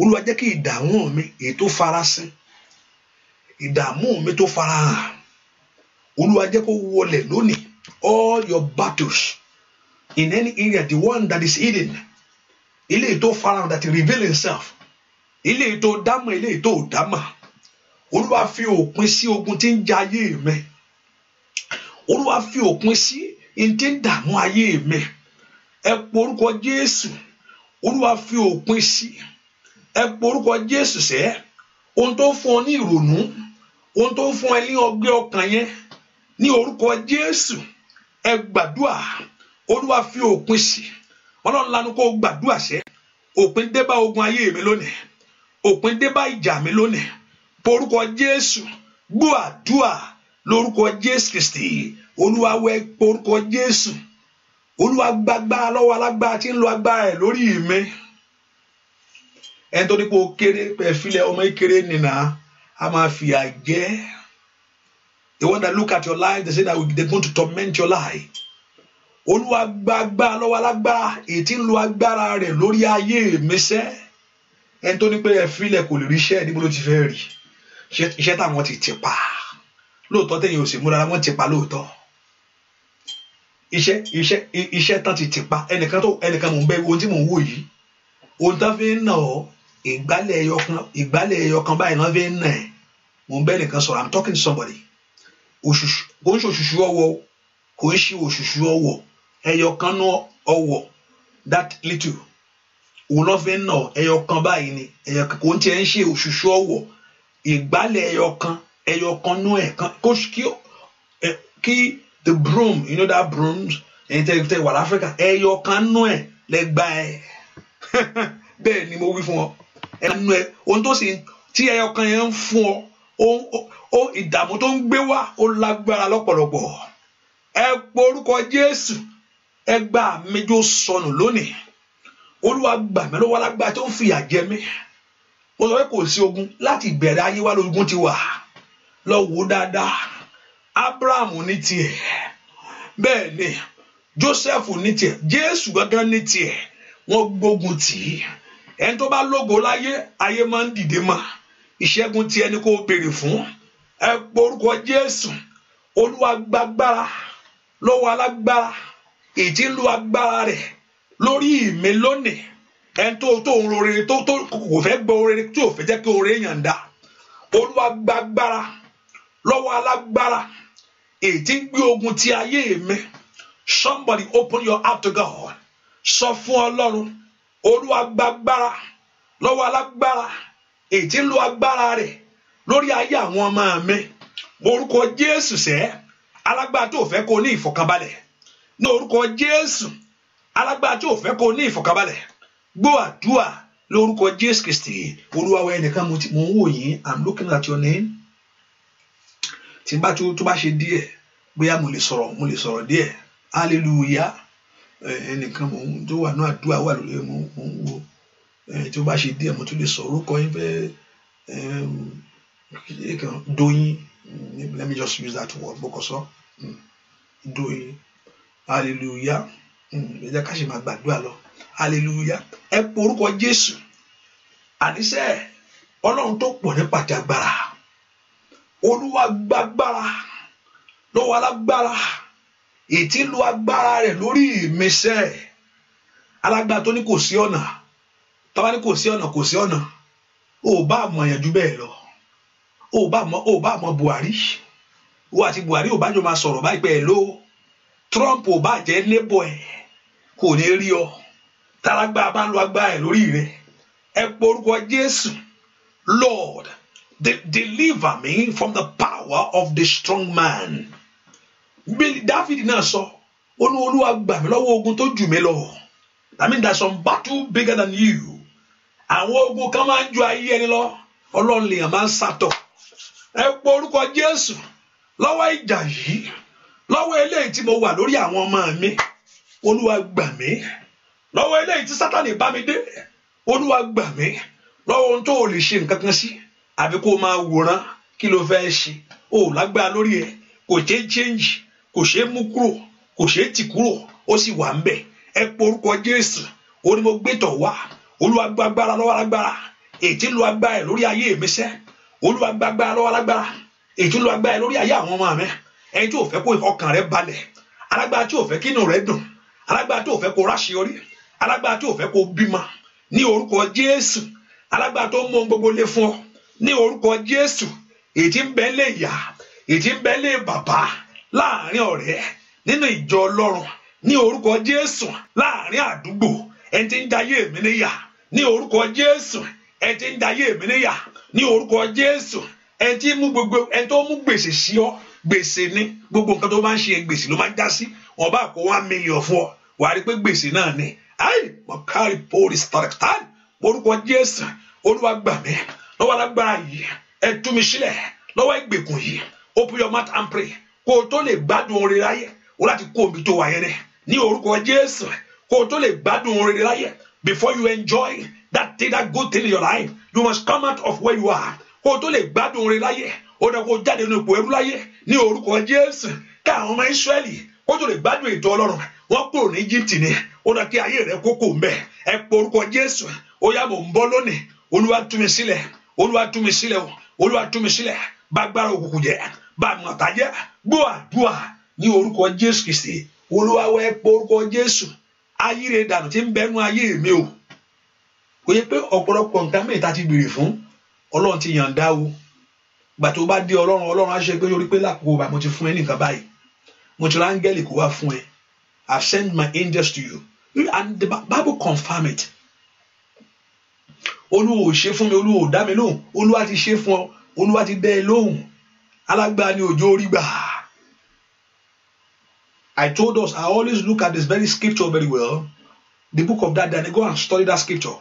olúwa jẹ́ kí ìdààmú mi èyí tó farasin ìdààmú mi tó farahàn olúwa jẹ́ kó wọlé lónìí all your battles in any area the one that is hidden ilé èyí tó farahàn that reveal himself ilé èyí tó dámọ̀ ilé èyí tó dámọ̀ olúwa fi òpin sí ogun tí ń jayé mi olúwa fi òpin sí n ti ń dààmú ayé mi ẹ po orúkọ jésù olúwa fi òpin sí ẹ po orúkọ jésù sẹ ohun tó fún ọ ní ìrònú ohun tó fún ẹ ní ọgbẹ́ ọkàn yẹn ní orúkọ jésù ẹ gbàdúà olúwa fi òpin sí ọlọ́run lanu kó gbàdúà sẹ òpin dé bá ogun ayé mi lónìí òpin dé bá ìjà mi lónìí po orúkọ jésù gbọ́ àdúà lórúkọ jésù kristi olúwa wẹ orúkọ jésù olúwa gbàgbára lọ́wọ́ alágbára tí ń lo agbára ẹ̀ lórí mi ẹni tó ní kó kéré pẹ̀fílẹ̀ ọmọ ìkéré nìna a máa fìyà jẹ́ the one that look at your life they say that they going to torment your life olúwa gbàgbára lọ́wọ́ alágbára èyí tí ń lo agbára rẹ̀ lórí ayé mi sẹ́ ẹni tó ní pé ẹ̀fílẹ̀ kò lè ríṣẹ́ níbo ló ti fẹ́ rí iṣẹ́ táwọn ti tì pa lóòótọ́ tẹ̀yìn ò sì múra wọn ti pa lóòótọ́ iṣẹ́ iṣẹ́ iṣẹ́ tán ti tìpa ẹnìkan tó ẹnìkan mò ń bẹ ohun tí mò ń wò yìí ohun tán fi ń nà ọ́ ìgbálẹ̀ ẹyọkan ìgbálẹ̀ ẹyọkan báyìí náà fi ń nà ẹ́ mò ń bẹ nìkan sọ̀rọ̀ i'm talking to somebody òṣùṣù kò ń ṣe òṣùṣù ọwọ́ kò ń ṣe òṣùṣù ọwọ́ ẹyọkan náà ọwọ́ that little òun náà fi ń nà ọ́ ẹyọkan báyìí ni ẹyọkan kò ń tiẹ̀ ń ṣe òṣùṣù ọwọ́ ìgbálẹ̀ ẹyọkan ẹyọkan náà ẹ̀ kan kí the broom you know that brooms ẹ̀yin tẹ́ tẹ́ wà láfíríkà ẹyọ kan nú ẹ̀ lẹ́gbà ẹ̀ [LAUGHS] bẹ́ẹ̀ ni mo wí fún ọ ẹ̀ nú ẹ̀ ohun tó sì tí ẹyọ kan yẹn ń fún ọ ó ìdààmú tó ń gbé wá ó lágbára lọ́pọ̀lọpọ̀ ẹ porúkọ Jésù ẹ gbà mí jó sọnù lónìí Olúwa gbà mí lọ́wọ́ lágbára tó ń fìyà jẹ mí mo sọ pé kò sí ogun láti ìbẹ̀rẹ̀ ayé wa lóògùn ti wà lọ wò dáadáa abraham ní tiẹ̀ bẹ́ẹ̀ ni joseph ní tiẹ̀ jésù gangan ní tiẹ̀ wọ́n gbógun tì í ẹni tó bá lógo láyé ayé máa ń dìde mọ́ ìṣẹ́gun tí ẹni kò béèrè fún ẹ porúkọ jésù olúwa gbàgbára lọ́wọ́ alágbára èyí tí ń lu agbára rẹ̀ lórí ìmí lónìí ẹni tó tó ń rore tó tó kò fẹ́ gbọ́ orere tí ò fẹ́ jẹ́ kí orere yàn dá olúwa gbàgbára lọ́wọ́ alágbára ètí ń gbé ogun ti ayé mi somebody open your heart to God sọ fún ọlọ́run olúwa gbàgbára lọ́wọ́ alágbára ètí ń lo agbára rẹ̀ lórí ayé àwọn ọmọ mi orúkọ jésù sẹ́ alágbára tó fẹ́ kó ní ìfọ̀kànbalẹ̀ ní orúkọ jésù alágbára tí ò fẹ́ kó ní ìfọ̀kàbalẹ̀ gbọ́ àdúà lórúkọ jésù kristi olúwa wa ẹnìkan mo ń wò yín i'm looking at your name tí bá tó bá ṣe díẹ̀ bóyá mo lè sọ̀rọ̀ mo lè sọ̀rọ̀ díẹ̀ hallelujah ẹnìkan mò ń tó wà ní àdúrà wà lórí mò ń wo tí ó bá ṣe díẹ̀ mo tún lè sọ orúkọ yín fẹ́ kan let me just use that word Bọ́kọ́sọ́ hmm. Doyin hallelujah hmm, ẹ jẹ́ ká ṣe máa gbàdúrà lọ hallelujah ẹ pe orúkọ Jésù àníṣe Ọlọ́run tó pọ̀ ní pàtàgbára olúwa gbàgbára lọ́wọ́ alágbára ìtìlú agbára rẹ̀ lórí ìmísẹ́ alágbára tó ní kò sí ọ̀nà táwa ní kò sí ọ̀nà kò sí ọ̀nà ò bá àmọ̀ ẹ̀yàn jù bẹ́ẹ̀ lọ ò bá àmọ̀ ò bá àmọ̀ Buhari ó àti Buhari ò bá jọ máa sọ̀rọ̀ báyìí pẹ́ ló Trump ò bá jẹ́ nébọ̀ ẹ̀ kò ní rí ọ tálágbára bá ń agbára ẹ̀ lórí rẹ̀ ẹ porúkọ Jésù Lord de deliver me from the power of the strong man. David Dáfídì náà sọ, ó ní Olúwa gbà mí lọ́wọ́ ogun tó jù mí lọ. That means there's some battle bigger than you. Àwọn ogun kan máa ń ju ayé ẹni lọ, Ọlọ́run lèèyàn máa ń sàtọ̀. Ẹ pọ orúkọ Jésù lọ́wọ́ ìjà yìí, lọ́wọ́ eléyìí tí mo wà lórí àwọn ọmọ mi. Olúwa gbà mí lọ́wọ́ eléyìí tí Sátánì bá mi dé. Olúwa gbà mí lọ́wọ́ ohun tó o lè ṣe nǹkan kan sí àbí kó máa wòran kí ló fẹ́ ṣe o ò lágbára lórí ẹ kò ṣe é change kò ṣe é mú kúrò kò ṣe é tì kúrò ó sì wà ń bẹ ẹ porúkọ Jésù ó ní mo gbé tọ̀ wá Olúwa gba agbára lọ́wọ́ alágbára ètí lu agbára ẹ lórí ayé mi sẹ́ Olúwa gba agbára lọ́wọ́ alágbára ètí lu agbára ẹ lórí ayé àwọn ọmọ mi ẹni tí ò fẹ́ kó ọkàn rẹ balẹ̀ alágbára tí ò fẹ́ kínú rẹ dùn alágbára tí ò fẹ́ kó ráṣeyọrí alágbára tí ò fẹ́ kó bímọ ní orúkọ Jésù alágbára tó mú gbogbo lé fún ọ ní orúkọ Jésù ètí ń bẹ lé ìyá ètí ń bẹ lé bàbá láàrin ọ̀rẹ́ nínú ìjọ Ọlọ́run ní orúkọ Jésù láàrin àdúgbò ẹ ti ń jayé mi níyà ní orúkọ Jésù ẹ ti ń jayé mi níyà ní orúkọ Jésù ẹ ti mú gbogbo ẹ tó mú gbèsè sí ọ gbèsè ni gbogbo nǹkan tó bá ń ṣe gbèsè ló máa ń já sí wọn bá kó one million fún ọ wà á rí pé gbèsè náà ni ayi mọ kárí pori stark orúkọ Jésù Olúwa gbà mí lọ́wọ́ alágbára yìí ẹ tú mi sílẹ̀ lọ́wọ́ ìgbèkùn yìí open your mouth and pray kó o tó lè gbádùn oore láyé o láti kó omi tó wà yẹn rẹ ní orúkọ Jésù kó o tó lè gbádùn oore láyé before you enjoy that thing that good thing in your life you must come out of where you are kó o tó lè gbádùn oore láyé ó dẹ kó o jáde nínú ipò ẹrú láyé ní orúkọ Jésù ká àwọn ọmọ Ísírẹ́lì kó o tó lè gbádùn ètò Ọlọ́run wọ́n kúrò ní Egypt ni ó dẹ kí ayé rẹ kókò mbẹ ẹ pọ orúkọ Jésù ó yá mò ń bọ̀ lónìí Olúwa tú sílẹ̀ olúwa tú mi sílẹ̀ o olúwa tú mi sílẹ̀ bá gbára òkùnkùn jẹ bá mọ̀tá jẹ gbọ́ àdúrà ní orúkọ jésù kìsì olúwa wẹ́ pọ̀ orúkọ jésù ayíre dànù tí ń bẹnu ayé mi o kò yẹ pé ọ̀pọ̀lọpọ̀ nǹkan mẹ́ta ti bèrè fún ọlọ́run ti yàǹda o gbà tó bá dé ọlọ́run ọlọ́run á ṣe pé lórí lákòókò bá mo ti fún ẹ nìkan báyìí mo ti rángẹ́lì kó wá fún ẹ i send my angels to you and the bible confirm it olúwo ṣe fún mi olúwo dá mi lóhùn olúwa ti ṣe fún ọ olúwa ti dẹ́ ẹ lóhùn alágbára ni òjò orí gbà. I told us I always look at this very scripture very well the book of Daniel go and study that scripture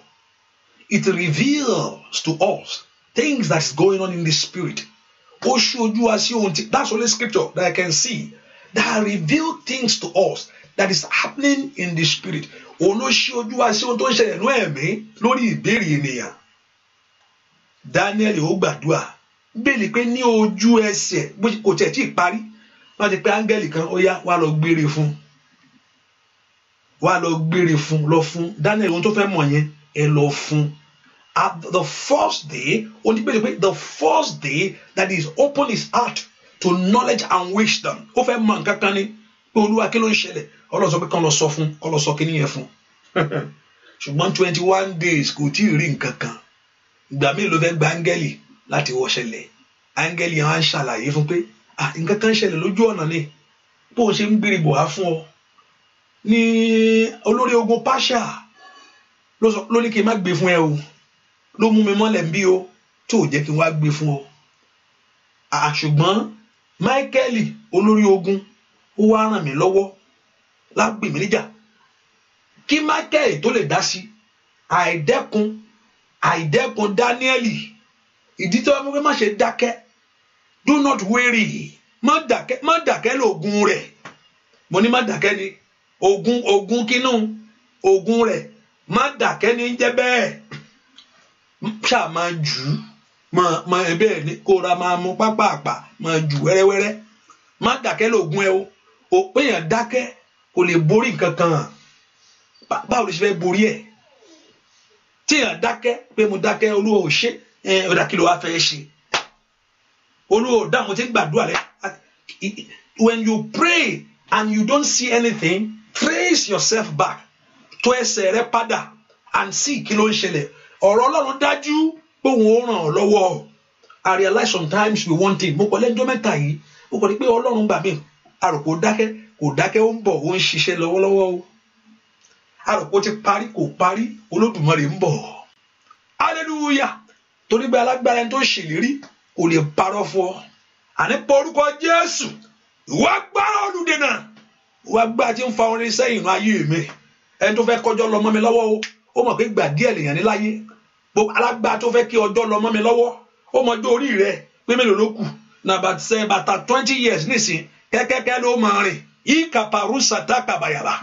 it reveals to us things that is going on in the spirit ó ṣojú wa sí ohun tí that's only scripture that I can see that reveal things to us that is happening in the spirit òun ló ṣí ojú wa sí ohun tó ń ṣẹlẹ̀ ní ẹ̀mí lórí ìbéèrè ènìyàn Daniel ó gbàdúrà béèrè pé ní ojú ẹsẹ̀ kò tẹ̀ tí ì parí wọ́n ti pé áńgẹ́lì kan ó yá wá lọ gbére fún wá lọ gbére fún lọ fún Daniel ohun tó fẹ́ mọ̀ yẹn ẹ lọ fún at the first day ó ní béèrè pé the first day that is open his heart to knowledge and wisdom ó fẹ́ mọ̀ nǹkan kan ni pé olúwa kí ló ń ṣẹlẹ̀ ọlọ́run sọ pé kán lọ sọ fún kán lọ sọ kí nìyẹn fún [LAUGHS] ṣùgbọ́n twenty one days kò tí ì rí nǹkan kan ìgbà míì ló fẹ́ gba áńgẹ́lì láti wọ ṣẹlẹ̀ áńgẹ́lì yẹn á ń ṣàlàyé fún pé nǹkan kan ṣẹlẹ̀ lójú ọ̀nà ni bó o ṣe ń gbèrè bò á fún ọ ní olórí ogun pàṣà ló ní kí n má gbé fún ẹ o ló mú mi mọ́lẹ̀ bí o tí ò jẹ́ kí n wá gbé fún ọ àṣùgbọ́n Máíkẹ́lì olórí ogun ó wá ràn mí lọ́wọ́ lágbè mí níjà kí mákẹ́yì tó lè dá sí àìdẹ́kun àìdẹ́kun dáníẹ́lì ìdí tí wọ́n mú pé má ṣe dákẹ́ do not weary má dákẹ́ má dákẹ́ lóògùn rẹ̀ mo ní má dákẹ́ ni ogun ogun kínú ogun rẹ̀ má dákẹ́ ni ń jẹ́ bẹ́ẹ̀ ṣáà máa jù ú máa máa ẹ bẹ́ẹ̀ ni kóra máa mú pápá àpà máa jù wẹ́rẹ́wẹ́rẹ́ má dákẹ́ lóògùn ẹ o òpin yẹn dákẹ́ kò lè borí nǹkan kan báwo ló ṣe fẹ́ borí ẹ̀ tí yẹn dákẹ́ pé mo dákẹ́ olúwa ò ṣe ẹ ọ̀dà kí ló wá fẹ́ ṣe olúwa ò dáhùn tí ń gbàdúrà rẹ when you pray and you don't see anything trace yourself back tó ẹsẹ̀ rẹ padà and see kí ló ń ṣẹlẹ̀ ọ̀rọ̀ ọlọ́run dájú pé òun ó ràn ọ́ lọ́wọ́ I realize sometimes we want it mo pọ̀ lẹ́jọ́ mẹ́ta yìí mo pọ̀ ní pé ọlọ́run gbà mí àròkò dákẹ́ kò dákẹ́ ó ń bọ̀ ó ń ṣiṣẹ́ lọ́wọ́lọ́wọ́ o ti parí kò parí olódùmarè ń bọ̀ aleluya torí pé alágbára ẹni tó ṣèlérí kò lè parọ́ fún ọ àní orúkọ jésù ìwà gbára olùdènà ìwà gbá ti ń fa orin sẹ́yìn inú ayé mi ẹni tó fẹ́ kọjọ́ lọ mọ́ mi lọ́wọ́ o ó mọ̀ pé gbà díẹ̀ lèèyàn ní láyé ọjọ́ lọ kẹ́kẹ́kẹ́ ló máa rìn yìí kàpàrú sàtà kàbàyàbà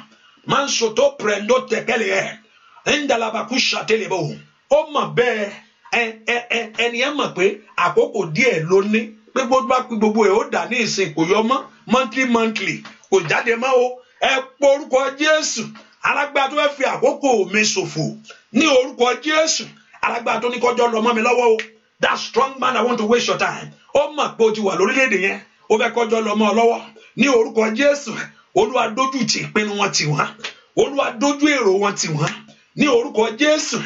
máa ń sòtó pẹ̀lú tẹ̀kẹ́lẹ̀ ẹ̀ ń dalabaku sàtẹ́lẹ̀ bò ó mọ̀ bẹ́ẹ̀ ẹ ẹ ẹ ẹni ẹ mọ̀ pé àkókò díẹ̀ ló ní pé gbogbo àpè gbogbo ẹ̀ ó dà ní ìsìn kò yọ mọ́ monthly monthly kò jáde mọ́ o ẹ porúkọ Jésù alágbá tó fẹ́ fi àkókò mi ṣòfò ní orúkọ Jésù alágbá ní kọjọ́ lọ mọ́ mi lọ́wọ́ o that strong man I want to waste your time ó mọ̀ pé o ti wà lórílẹ̀‐èdè yẹn ó fẹ́ kọjọ́ lọ́mọ lọ́wọ́ ní orúkọ Jésù Olúwa dójú ti ìpinnu wọn tì wọ́n Olúwa dójú èrò wọn tì wọ́n ní orúkọ Jésù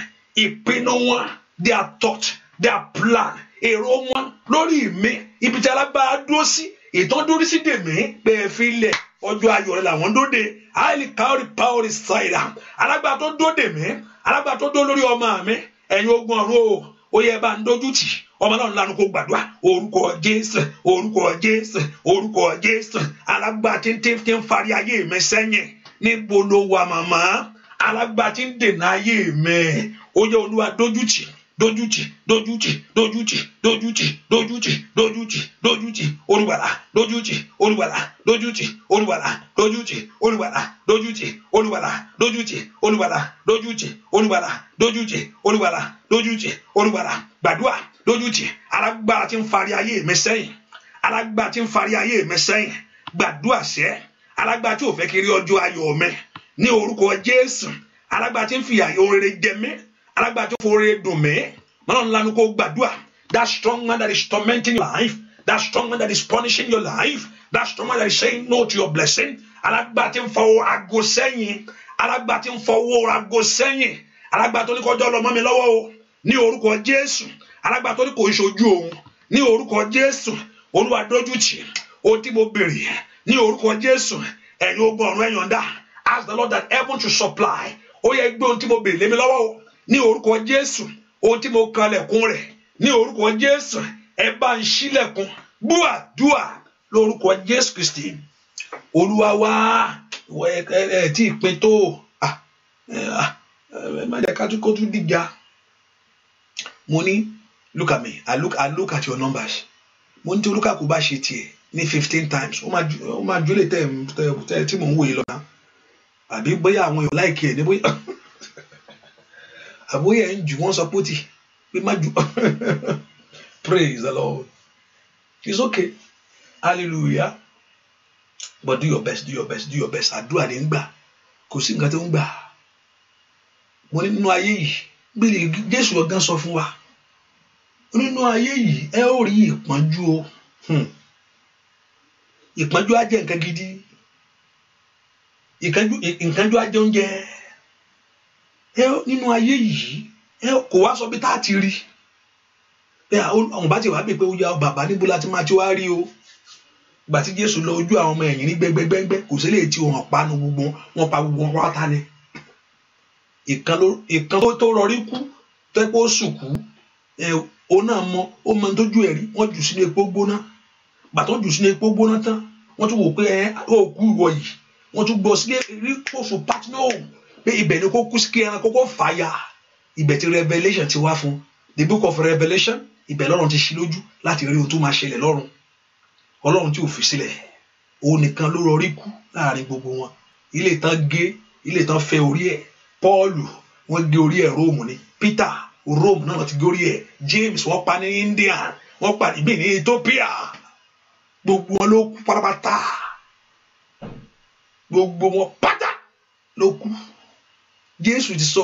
ìpinnu wọn their thought their plan èrò wọn lórí mi ibi tí alágbára dúró sí ìtọ́dúrí sí dèmí pé ẹ fi lẹ̀ ọjọ́ ayọ̀ rẹ̀ làwọn dóde àìlè káórì páórì ṣáìlà alágbára tó dó dèmí alágbára tó dó lórí ọmọ mi ẹ̀yin ogun ọ̀run o ó yẹ bá ń dójú tì í ọmọ náà lanu kó gbàdúrà orúkọ jésù orúkọ jésù orúkọ jésù alágbá tí ń tí ń fari ayé mi sẹ́yìn níbo ló wà màmá alágbá tí ń dènà ayé mi ó yẹ olúwa dójútì dójútì dójútì dójútì dójútì dójútì dójútì dójútì olùgbàlà dójútì olùgbàlà dójútì olùgbàlà dójútì olùgbàlà dójútì olùgbàlà dójútì olùgbàlà dójútì olùgbàlà dójútì olùgbàlà dójútì olùgbàlà gbàdúrà dójútì alágbára tí ń fari ayé mi sẹ́yìn alágbára tí ń fari ayé mi sẹ́yìn gbàdúrà sẹ́ alágbára tí ò fẹ́ kiri ọjọ́ ayọ̀ mi ní orúkọ Jésù alágbára tí ń fi àyè orere jẹ mí alágbàjọ foore dùn mí mọ́nà ńlá ni kò gbàdúrà that strong man that is tormenting your life that strong man that is punishing your life that strong man that is saying no to your blessing alágbà tí ń fọwọ́ ago sẹ́yìn alágbà tí ń fọwọ́ ago sẹ́yìn alágbà tó ní kọjọ́ lọ́mọ mi lọ́wọ́ o ní orúkọ Jésù alágbà tó ní kò ń ṣojú òun ní orúkọ Jésù Olúwa dójú tì ohun tí mo béèrè ní orúkọ Jésù ẹ̀yin ogun ọ̀run ẹ̀yàn dá ask the Lord that heaven to supply ó yẹ gbé ohun tí mo béèrè lé mi lọ́wọ́ o ní orúkọ Jésù ohun tí mo kanlẹ̀kùn rẹ̀ ní orúkọ Jésù ẹ bá ń ṣílẹ̀kùn búàdúà lórúkọ Jésù Kristi Olúwa wa ẹ tí ì pin tó ẹ má jẹ́ ká tún kó tún dìjà mo ní look at me I look I look at your numbers mo ní tí olúkàkú bá ṣe tiẹ̀ ní fifteen times ó máa jólè tẹ̀ tí mò ń wòye lọ́nà àbí bóyá àwọn èèyàn láìkí ẹ̀ ní bóyá. [LAUGHS] àbóyá ẹ̀ ń jù wọ́n sọ pé pé má jù [LAUGHS] praise the lord it's okay hallelujah but do your best do your best do your best àdúrà ní ń gbà kò sí nǹkan tó ń gbà mo ní nínú ayé yìí bíi jésù ọgán sọ fún wa nínú ayé yìí ẹ ó rí ìpọ́njú o hmm. ìpọ́njú á jẹ́ nǹkan gidi ìkánjú á jẹ oúnjẹ nínú ayé yìí kò wá sọ bí tá a ti rí pé àwọn bá ti wá bè pé ó ya bàbá níbo láti máa ti wá rí o ìgbà tí Jésù lọ ojú àwọn ọmọ ẹ̀yìn ní gbẹgbẹgbẹgbẹ kò sí lè ti hàn panu gbogbo wọn pa gbogbo wọn pátá ni ìkan tó rọrí kú tẹ́pẹ́ ó sùn kú ó náà mọ ó mọ tójú ẹ̀ rí wọ́n jù sínú epo gbóná bàtọ́ jù sínú epo gbóná tán wọ́n tún wò pé ẹ ó kú ìwọ yìí wọ́n tún gbọ́ sílé rí kóso pátínọ́ọ̀mù pé ibẹ̀ ni kó kú sí kí ẹranko fàyà ibẹ̀ tí revelation ti wá fún the book of revelation ibẹ̀ lọ́run ti ṣí lójú láti rí ohun tó máa ṣẹlẹ̀ lọ́run ọlọ́run tí ò fi sílẹ̀ òun nìkan ló rọrí kú láàrin gbogbo wọn ilé tán gé ilé tán fẹ́ orí ẹ̀ pọ́ọ̀lù wọ́n gé orí ẹ̀ róòmù ni peter rome náà ti gé orí ẹ̀ james wọ́n pa ní india wọ́n pa ìbí ní ethiopia gbogbo wọn ló kú pátápátá gbogbo wọn pátá ló kú jésù ti sọ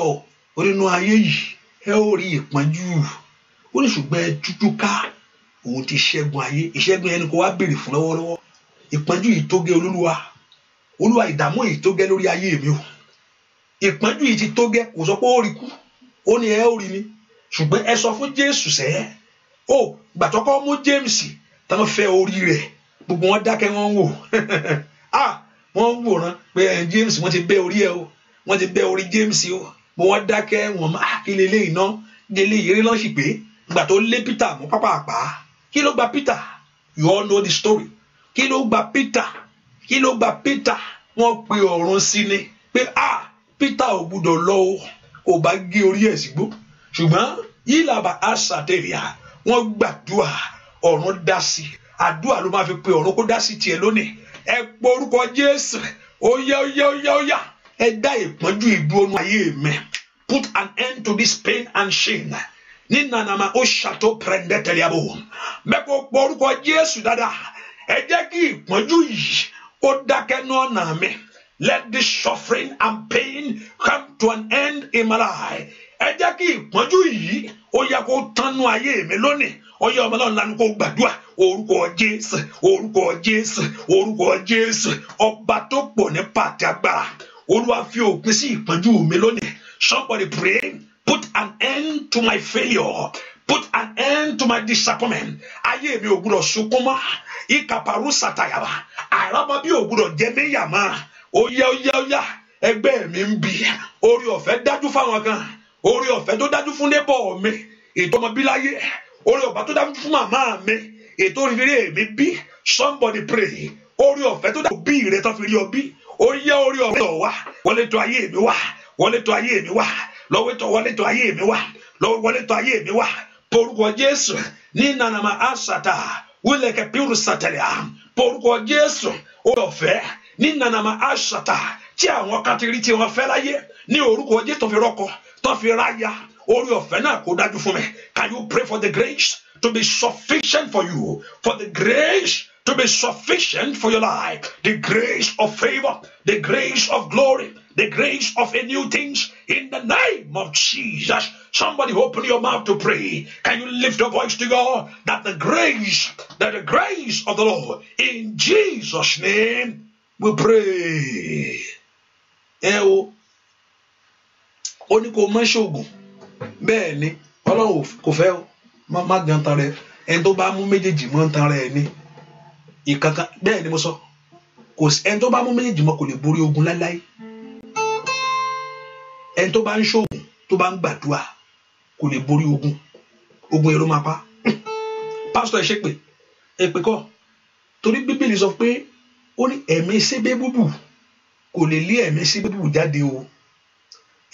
ọ nínú ayé yìí ẹ ó rí ìpọ́njú ó ní ṣùgbọ́n ẹ tújú ká òun ti ṣẹ́gun ayé ìṣẹ́gun ẹni kò wá béèrè fún lọ́wọ́lọ́wọ́ ìpọ́njú yìí tó gẹ́ olúwa olúwa ìdààmú yìí tó gẹ́ lórí ayé mi o ìpọ́njú yìí ti tó gẹ́ kò sọ pé ó rí kú ó ní ẹ ó rí ni ṣùgbọ́n ẹ sọ fún jésù sẹ́ẹ́ o gbàtọ́kọ́ mú james tán fẹ́ orí rẹ̀ gbogbo wọn dákẹ́ wọn ń wò [LAUGHS] ah wọ́n ń wòran pé james wọ́n ti bẹ́ orí ẹ o wọ́n ti bẹ́ orí James o mo wọ́n dákẹ́ wọ́n máa ah, kí lélẹ́ iná délé yẹrẹ lọ́ọ́ sì pé ìgbà tó lé Peter mú pápá àpá kí ló gba Peter you all know the story kí ló gba Peter kí ló gba Peter wọ́n pe ọ̀run sí ni pé ah Peter ò gbúdọ̀ lọ o kò bá gé orí ẹ̀ sígbó ṣùgbọ́n yìí làbà àṣàtẹ̀rìà wọ́n gbàdúrà ọ̀run dá sí àdúrà ló máa fi pe ọ̀run kó dá sí tiẹ̀ lónìí ẹ pọ orúkọ Jésù ó yá ó yá ẹ dá ìpọ́njú ìdúró nínú ayé mi put an end to this pain and shame ní nànàmà ó ṣàtó pẹ̀rẹ̀ndẹ́ tẹ̀lé àbò bẹ́ẹ̀ kó pọ̀ orúkọ Jésù dáadáa ẹ jẹ́ kí ìpọ́njú yìí ó dákẹ́ náà nà mí let this suffering and pain come to an end in my life ẹ jẹ́ kí ìpọ́njú yìí ó yẹ kó tánú ayé mi lónìí ọyọ ọmọ náà lanu kó gbàdúrà orúkọ Jésù orúkọ Jésù orúkọ Jésù ọba tó pọ̀ ní pàtàgbà olúwa òpin sí ìpọ́njú mi lónìí somebody pray put an end to my failure put an end to my disappointment ayé mi ò gbúdọ̀ sunkún mọ́ ìkàpàrú sàtàyàbà àràmọ́ bí ò gbúdọ̀ jẹ́ níyàmá óyá óyá óyá ẹgbẹ́ mi ń bì orí ọ̀fẹ́ dájú fáwọn kan orí ọ̀fẹ́ tó dájú fún débọ̀ mi ìtọ́mọbíláyé orí ọ̀bá tó dájú fún màmá mi ètò ìrírí èmi bí somebody pray orí ọ̀fẹ́ tó dájú bí ìrètọ́ fi rí ọ bí orí yá orí ọ̀rẹ́ wa wọlé tọ̀ ayé mi wá wọlé tọ̀ ayé mi wá lọ́wọ́ tọ̀ wọlé tọ̀ ayé mi wá lọ́wọ́ wọlé tọ̀ ayé mi wá porúkọ Jésù ní nànàmà àṣàtà wílẹ̀ kẹpírù sàtẹ̀lẹ̀ à porúkọ Jésù orí ọ̀fẹ́ ní nànàmà àṣàtà tí àwọn kan tí wọn fẹ́ láyé ní orúkọ Jésù tó fi rọ́kọ tó fi ráyà orí ọ̀fẹ́ náà kò dájú fún mi can you pray for the grace to be sufficient for you for the grace to be sufficient for your life. The grace of favor, the grace of glory, the grace of a new things in the name of Jesus. Somebody open your mouth to pray. Can you lift your voice to God that the grace, that the grace of the Lord in Jesus' name we pray. Ẹ eh, o, ó ní kò mọ ṣoògùn, bẹ́ẹ̀ Ọlọ́run kò fẹ́ o, má dán tan rẹ, ẹni tó bá mú méjèèjì mọ́ tan rẹ olorun ko fe o ma dan tan re eni to ba mu mejeeji mo tan re ni ìkankan bẹ́ẹ̀ ni mo sọ kò sí ẹni tó bá mú méjèèjì mọ́ kò lè borí ogun láláì ẹni tó bá ń ṣoògùn tó bá ń gbàdúrà kò lè borí ogun ogun èrò máa pa [CLEARS THROAT] pásítọ̀ ẹ ṣépè èpè kọ́ torí bíbélì sọ pé ó ní ẹ̀mí sébé búbù kò lè lé ẹ̀mí sébé búbù jáde o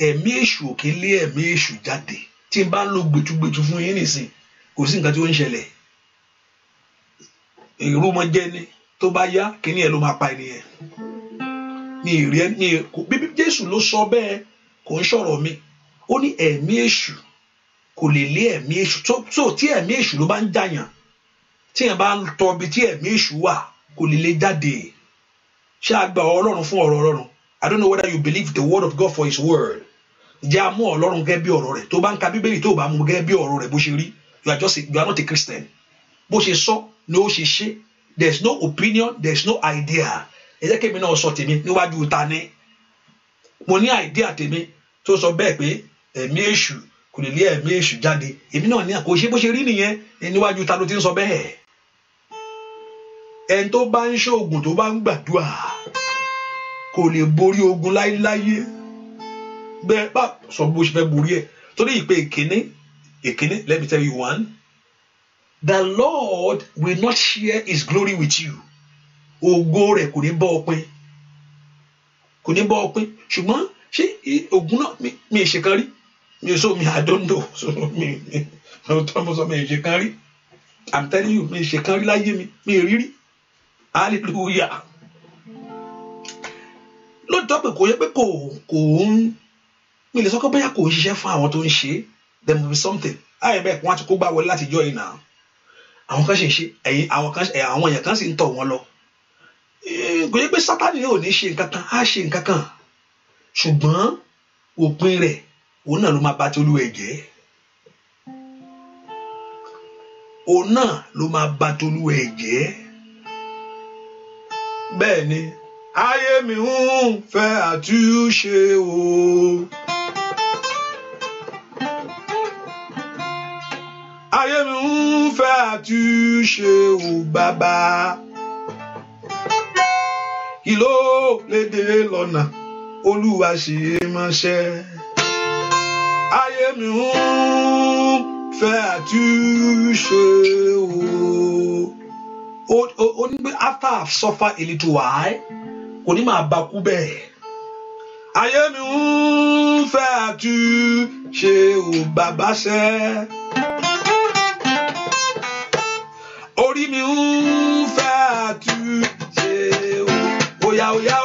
ẹ̀mí èṣù ò kì lé ẹ̀mí èṣù jáde tí n bá ń lo gbẹtugbẹtu fún yín nìsín kò sí nǹkan tí ó ń ṣẹlẹ̀ ìrúmọjẹni tó bá yá kíní ẹ ló máa pa Ni ní èrè ní èkó bíbí jésù ló sọ bẹ́ẹ̀ kò ń sọ̀rọ̀ mi ó ní ẹ̀mí èṣù kò lè lé ẹ̀mí èṣù tó tí ẹ̀mí èṣù ló bá ń jàyàn tí yẹn bá ń tọ ibi tí ẹ̀mí èṣù wà kò lè lé jáde ṣé a gba ọlọ́run fún ọ̀rọ̀ ọlọ́run I don't know whether you believe the word of God for his word ǹjẹ́ a mú ọlọ́run gẹ́gẹ́ bí ọ̀rọ̀ rẹ̀ tó bá ń ka bíbélì tó bá mú gẹ́gẹ́ bí ọ̀rọ̀ rẹ̀ bó ṣe rí you are just a, you are not a Christian bó ṣe sọ ló ṣe ṣe there is no opinion there is no idea ẹ jẹ́ kémi náà sọ tèmi níwájú ta ni mo ní idea tèmi tó sọ bẹ́ẹ̀ pé ẹ̀mí èṣù kò lè lé ẹ̀mí èṣù jáde èmi náà ní àkóṣe bó ṣe rí nìyẹn níwájú ta ló ti ń sọ bẹ́ẹ̀ ẹni tó bá ń ṣoògùn tó bá ń gbàdúrà kò lè borí ogun láéláyé bẹ́ẹ̀ bá sọ bó ṣe fẹ́ borí ẹ̀ torí ìpè ìkíní ìkíní let me tell you one the Lord will not share his glory with you ògo rẹ̀ kò ní bọ́ ọ pín kò ní bọ́ ọ pín ṣùgbọ́n ṣé ògùn náà mi ì ṣe kan rí mi ò sọ mi àdóńdó [LAUGHS] mi ò tọ́ mo sọ mi ì ṣe kan rí I'm telling you mi ì ṣe kan rí láyé mi mi ì rírí hallelujah lóòótọ́ pé kò yẹ pé kò kò ń mi lè sọ pé bóyá kò ń ṣiṣẹ́ fún àwọn tó ń ṣe there must be something láyé bẹ́ẹ̀ wọ́n á ti kó gbà wọlé láti jọ yìí náà àwọn kan sì ń ṣe ẹ̀yìn àwọn kan àwọn èèyàn kan sì ń tọ̀ wọ́n lọ eh, kò yẹ pé sátani yóò ní ṣe nǹkan kan á ṣe nǹkan kan ṣùgbọ́n òpin rẹ̀ òun náà ló máa bà ti olúwa ẹ̀ òun náà ló máa bà ti olúwa ẹ̀ jẹ́ ni ayé mi ń fẹ́ àtúnṣe o. ayé mi ń fẹ́ àtúnṣe ò bàbá kí lédè lọ́nà olúwa ṣe é mọ́ṣẹ́ ayé mi ń fẹ́ àtúnṣe o ní pé after I suffer a little while kò ní máa bá kú bẹ́ẹ̀ ayé mi ń fẹ́ àtúnṣe ò bàbá ṣẹ́. orí mi ń fẹ́ àtúnṣe o. Oya oya o.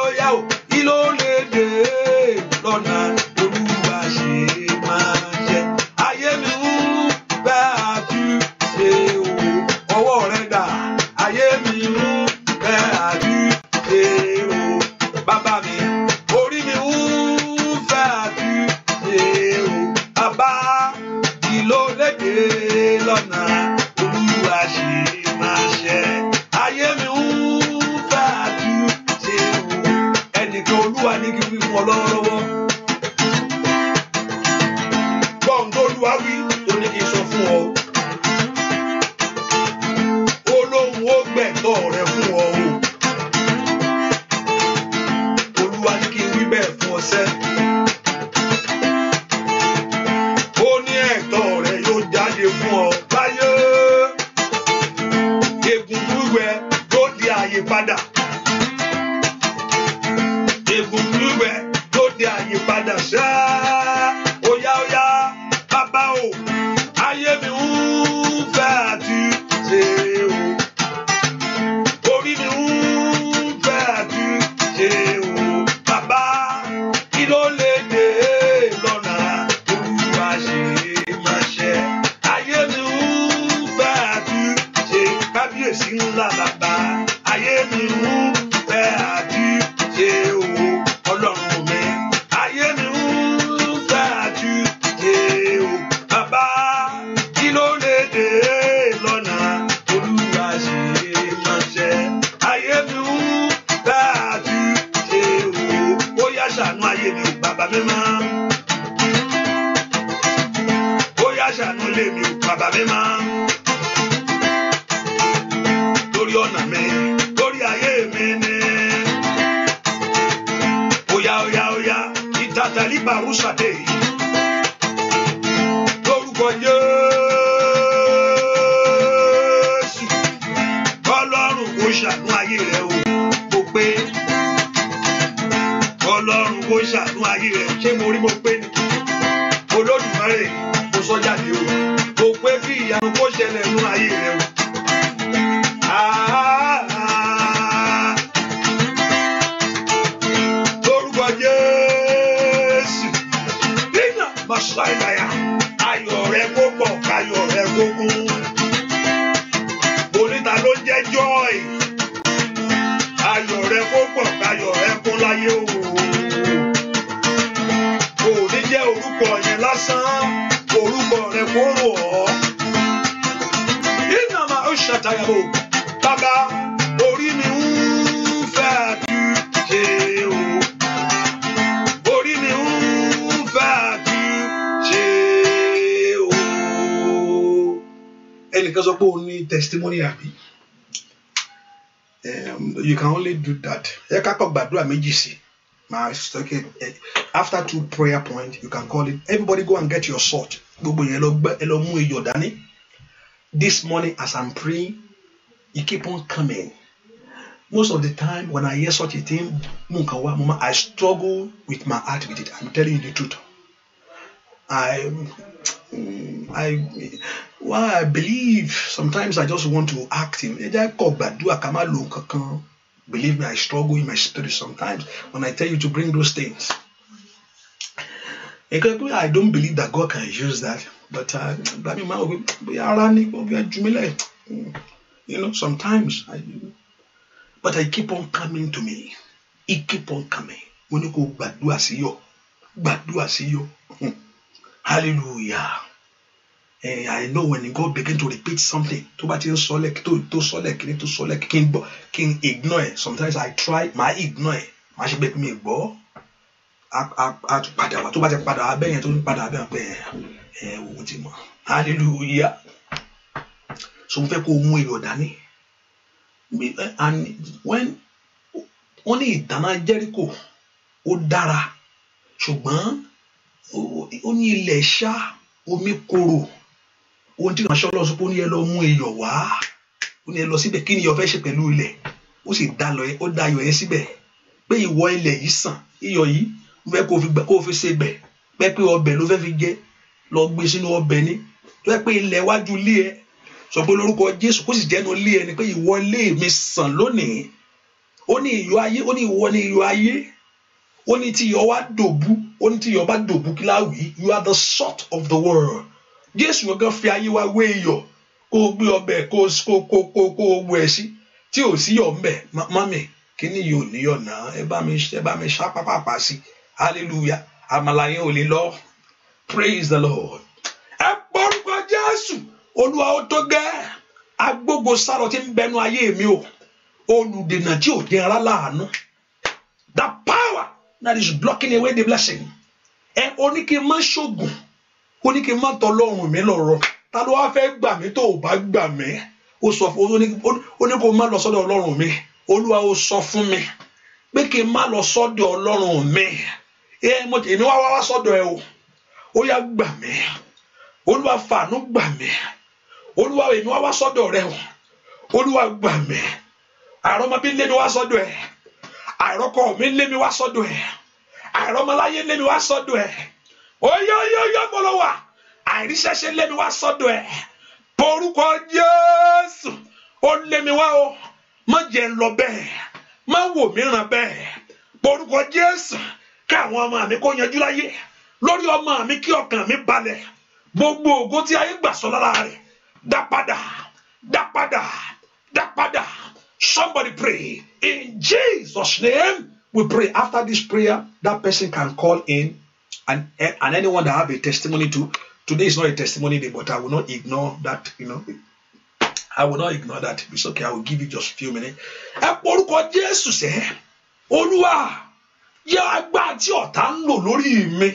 méjì my màá sọkè after two prayer point you can call it everybody go and get your sort. this morning as i'm praying you keep on coming most of the time when i hear such a thing mú nǹkan i struggle with my heart with it i'm telling you the truth i i why i believe sometimes i just want to act him ẹ jẹ́ kó gbàdúrà Believe me, I struggle in my spirit sometimes when I tell you to bring those things. Because I don't believe that God can use that, but uh, you know, sometimes I, but I keep on coming to me. It keep on coming. When you go, do gbàdúrà sí yọ, gbàdúrà sí yọ. Hallelujah. Eh, I know when God begin to repeat something, tó bá ti ń sọ lẹ́kì tó tó sọ lẹ́kì ní tó sọ kí n gbọ́ kí n ignore it. Sometimes I try máa ignore it. Màá ṣe pé mi gbọ́. A tún padà wá tó bá ti padà wá bẹ́yẹn tó ń padà bẹ́yẹn pé ẹ òun ti mọ̀. Hallelujah. So mo fẹ́ kó o mú èrò dání. And when wọ́n ní ìdáná Jẹ́ríkò ó dára ṣùgbọ́n ó ní ilẹ̀ ṣá omi korò ohun tí ìránṣẹ́ ọlọ́run sọ pé ó ní ẹ lọ mú iyọ̀ wá ó ní ẹ lọ síbẹ̀ kí ni iyọ̀ fẹ́ ṣe pẹ̀lú ilẹ̀ ó sì dá iyọ̀ yẹn síbẹ̀ pé ìwọ ilẹ̀ yìí sàn iyọ̀ yìí mo fẹ́ kó o fi ṣe bẹ̀ pẹ́ pé ọbẹ̀ ló fẹ́ fi jẹ lọ gbé sínú ọbẹ̀ ni tó yẹ pé ilẹ̀ wájú ilé ẹ sọ pé lórúkọ Jésù kó sì jẹ́nu ilé ẹ ni pé ìwọ ilé mi sàn lónìí ó ní iyọ̀ ayé ó ní ìwọ ní iyọ̀ ayé ó ní tí iyọ̀ wá dòbu ó ní tí iyọ̀ bá dòbu kí you are the salt of the world jésù gangan fi ayé wa wé iyọ̀ kó o gbé ọbẹ̀ kó o kó kó kó o wọ ẹ̀ sí tí ò sí yọ̀ ńbẹ̀ mọ́mì kíní yìí ò níyọ̀ náà ẹ bá mi ẹ bá mi ṣá pápápá sí hallelujah àmàlà yẹn ò lè lọ praise the lord ẹ gbórúkọ jésù olúwa ó tó gẹ́ agbógo sáró tí ń bẹnu ayé mi o olùdènà tí ò dín ara láàánú the power that is blocking away the blessing ẹ oníkè má ṣògùn ó ní kí n má tọ lọ́rùn mi lọ́rọ̀ ta ló wá fẹ́ gbà mí tó o bá gbà mí ó sọ fún ó ní kó o má lọ sọ́dọ̀ ọlọ́run mi olúwa ó sọ fún mi pé kí n má lọ sọ́dọ̀ ọlọ́run mi ẹ mo tẹ̀ èmi wá wá wá sọ́dọ̀ ẹ o ó yá gbà mí olúwa fàánú gbà mí olúwa èmi wá wá sọ́dọ̀ rẹ o olúwa gbà mí àrọ́mọ bí lé mi wá sọ́dọ̀ ẹ àìrọ́kọ mi lé mi wá sọ́dọ̀ ẹ àìrọ́mọláyé lé mi wá sọ́dọ̀ ẹ oyóyóyó gbọ́dọ̀ wà àìríṣẹ́ṣe lémi wá sọ́dọ̀ ẹ̀ porúkọ Jésù ó lémi wá o má jẹ́ ń lọ bẹ́ẹ̀ má wò mí ràn bẹ́ẹ̀ porúkọ Jésù káwọn ọmọ mi kó yanjú láyé lórí ọmọ mi kí ọkàn mi balẹ̀ gbogbo ògo tí ayé gbà sọ lára rẹ̀ dá padà dá padà dá padà somebody pray in Jesus name we pray after this prayer that person can call in and eh, and anyone that have a testimony to today is not a testimony day, but I will not ignore that. You know, I will not ignore that. It's okay. I will give you just a few minutes. Ẹ porúkọ Jésù sẹ́, Olúwa yẹ agbára tí ọ̀tá ń lò lórí mi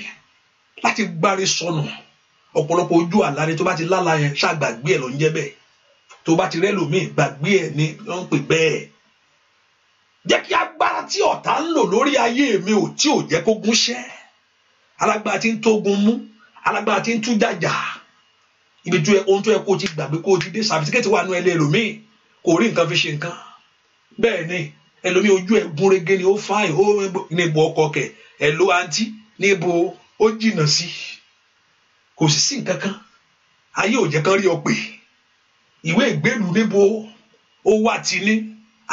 láti gbáre sọnù ọ̀pọ̀lọpọ̀ ojú àlá ni tó bá ti lálá yẹn ṣàgbàgbé ẹ̀ ló ń jẹ́ bẹ́ẹ̀ tó bá ti rẹ́lòmíì gbàgbé ẹ̀ ni wọ́n ń pè bẹ́ẹ̀ jẹ́ kí agbára tí ọ̀tá ń lò lórí ayé mi ò tí ò jẹ́ kó gúnṣẹ́ alágbára tí ń tógun mú alágbára tí ń tú jàjà ibi tó yẹ ohun tó yẹ kó o ti gbàgbé kó o ti dé sàbítíkẹ́tì wà nú ẹlẹ́ ẹlòmíì kò rí nǹkan fi ṣe nǹkan bẹ́ẹ̀ ni ẹlòmíì ojú ẹ̀ gúnrégé ni ó fáìn ó níbo ọkọ̀ kẹ̀ ẹ̀ ló àǹtí níbo ó jìnnà sí kò sì sí nǹkan kan ayé ò jẹ́ rí ọ pé ìwé ìgbélùú níbo ó wà tí ní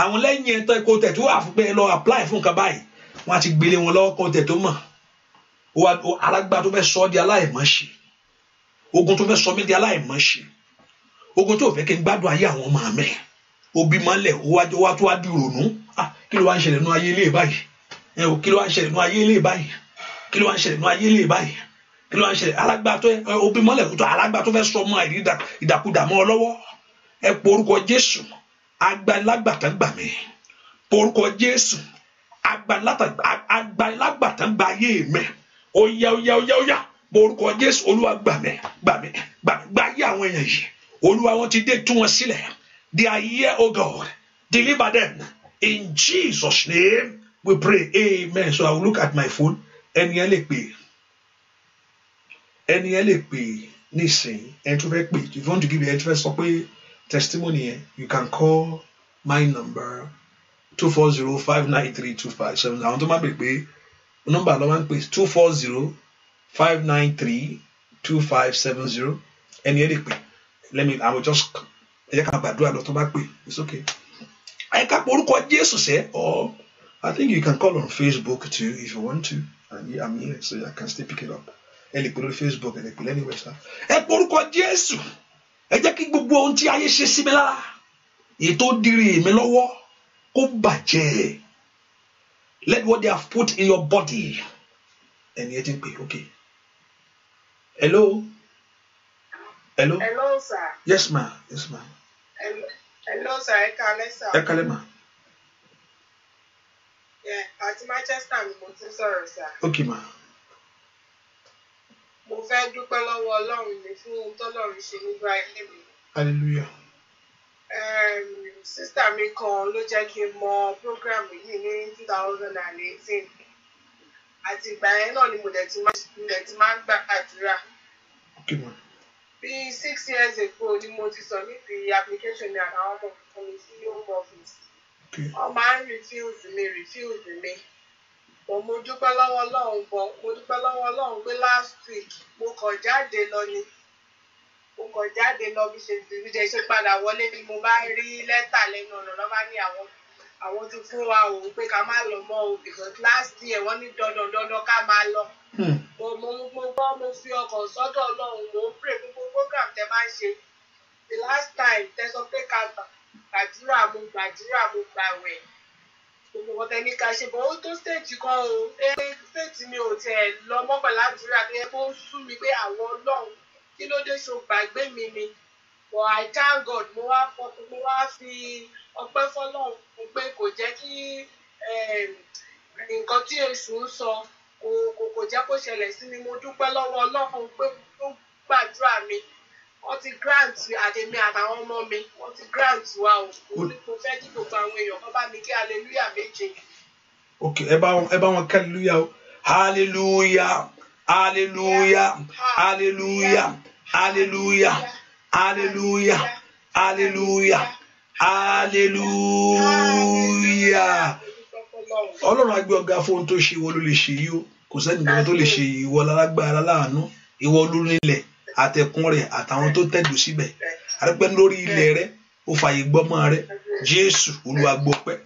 àwọn lẹ́yìn ẹ̀tọ́ ẹ̀kọ́ tẹ̀ tó wà fún pé ẹ lọ apply fún nǹkan báyìí wọ́n á ti gbélé wọn lọ́wọ́ kọ́ tẹ̀ tó mọ̀ alágbá tó fẹ́ sọ ọ́ di aláìmọ̀ṣe ogun tó fẹ́ sọ mí di aláìmọ̀ṣe ogun tó fẹ́ kí n gbádùn ayé àwọn ọmọ mi òbí mọ́lẹ̀ ó wá tó wá di ìrònú ah, kí ló wá ń ṣẹlẹ̀ nú ayé ilé báyìí kí ló wá ń ṣẹlẹ̀ nú ayé ilé báyìí kí ló wá ń ṣẹlẹ̀ nú ayé ilé báyìí kí ló wá ń ṣẹlẹ̀ alágbá tó òbí mọ́lẹ̀ tó alágbá tó fẹ́ sọ ọmọ ìdàkudà mọ́ ọ lọ́wọ́ ẹ po orúkọ Jésù agbanilágbàtàgbà mi po orúkọ Jésù agbanilágbàtàgbà ayé mi ó yá ó yá ó yá ó yá mo orúkọ jésù olúwa gbà mí gbà mí gbà mí gbà àwọn èèyàn yìí olúwa wọn ti dé tú wọn sílẹ̀ they are here o god deliver them in jesus name we pray amen so i will look at my phone ẹni ẹ lè pè ẹni ẹ lè pè nísìnyí ẹni tó fẹ́ pè if you want to give me ẹni sọ pé testimony yẹn you can call my number two four zero five nine three two five seven àwọn tó má bè pé. Number lọ́wọ́ ń pè two four zero five nine three two five seven zero ẹni ẹ̀ lè pè let me I will just ẹ jẹ́ ká gbàdúrà lọ tó bá pè it's okay ẹ ká orúkọ Jésù sẹ́ or I think you can call on Facebook too if you want to and I'm here so I can still pick it up ẹ lè pè lórí Facebook ẹ lè pè lẹ́nu ìwé sá ẹ pè orúkọ Jésù ẹ jẹ́ kí gbogbo ohun tí ayé ṣe sí mi lára ètò dírí mi lọ́wọ́ kó bàjẹ́ let what they have put in your body ẹni ẹ ti ń hello hello hello sir yes ma'am. yes ma'am. hello, sir ẹ sir ẹ Yeah, àti Manchester ni mo ti sọ̀rọ̀ sir. ok ma. mo fẹ́ dúpẹ́ lọ́wọ́ Ọlọ́run mi fún ohun tọ́lọ́run ṣe nígbà ilé mi. hallelujah. Um, sísítà mi kan ló jẹ́ kí n mọ program yìí ní two thousand and eighteen àti ìgbà yẹn náà ni mo dẹ̀ ti máa ń gba àdúrà. bí six years ago ni mo ti sọ níbi application mi àtàwọn ọmọ kan mi sí home office wọ́n máa ń refuse mi refuse mi mo mo dúpẹ́ lọ́wọ́ Ọlọ́run bọ̀ mo dúpẹ́ lọ́wọ́ Ọlọ́run pé last week mo kàn jáde lọ ni. Okay mo kàn jáde lọ bí ṣe ti jẹ ṣe padà wọlé ni mo bá rí lẹ́tà lẹ́nu ọ̀nà lọ́ba ní àwọn àwọn ti fún wa òun pé ká má lọ mọ́ o because last year wọ́n ní dandan dandan ká máa lọ. Hmm. mo mo mo gbọ́ mo fi ọkàn sọ́dọ̀ ọlọ́run mo ń pè gbogbo program tẹ máa ń ṣe the last time tẹ sọ pé ká gbàdúrà mo gbàdúrà mo gbàwẹ̀ gbogbo wọn tẹni ká ṣe bọ ó tó stage kan o ẹ stage mi ò tẹ lọ mọ́pẹ̀ ládùúrà pé ó sú mi pé àwọn ọlọ́run kí ló dé so gbàgbé mi ni but I thank God mo wá mo wá fi ọpẹ́ fọ́lọ́run pé kò jẹ́ kí ehm, nǹkan tí èṣù ń sọ kò kò kò jẹ́ kó ṣẹlẹ̀ sí mi mo dúpẹ́ lọ́wọ́ Ọlọ́run pé ó gbàdúrà mi wọ́n ti grant àdèmí àtàwọn ọmọ mi wọ́n ti grant wa o mo fẹ́ kí gbogbo àwọn èèyàn kan bá mi kí hallelujah méje. ok ẹ bá wọn ẹ bá wọn hallelujah. Hallelujah. Hallelujah. Hallelujah. Hallelujah. Hallelujah. Hallelujah. Ọlọ́run agbé ọ̀gá fóun tó ṣe ìwọ ló lè ṣe yìí o. Kò sẹ́nìkan tó lè ṣe ìwọ lálágbára láàánú. Ìwọ ló nílẹ̀ àtẹ̀kùn rẹ̀ àtàwọn tó tẹ̀dù síbẹ̀. Àrẹ́pẹ́ lórí ilẹ̀ rẹ̀ ó fààyè gbọ́mọ rẹ̀. Jésù Olúwa gbọpẹ́.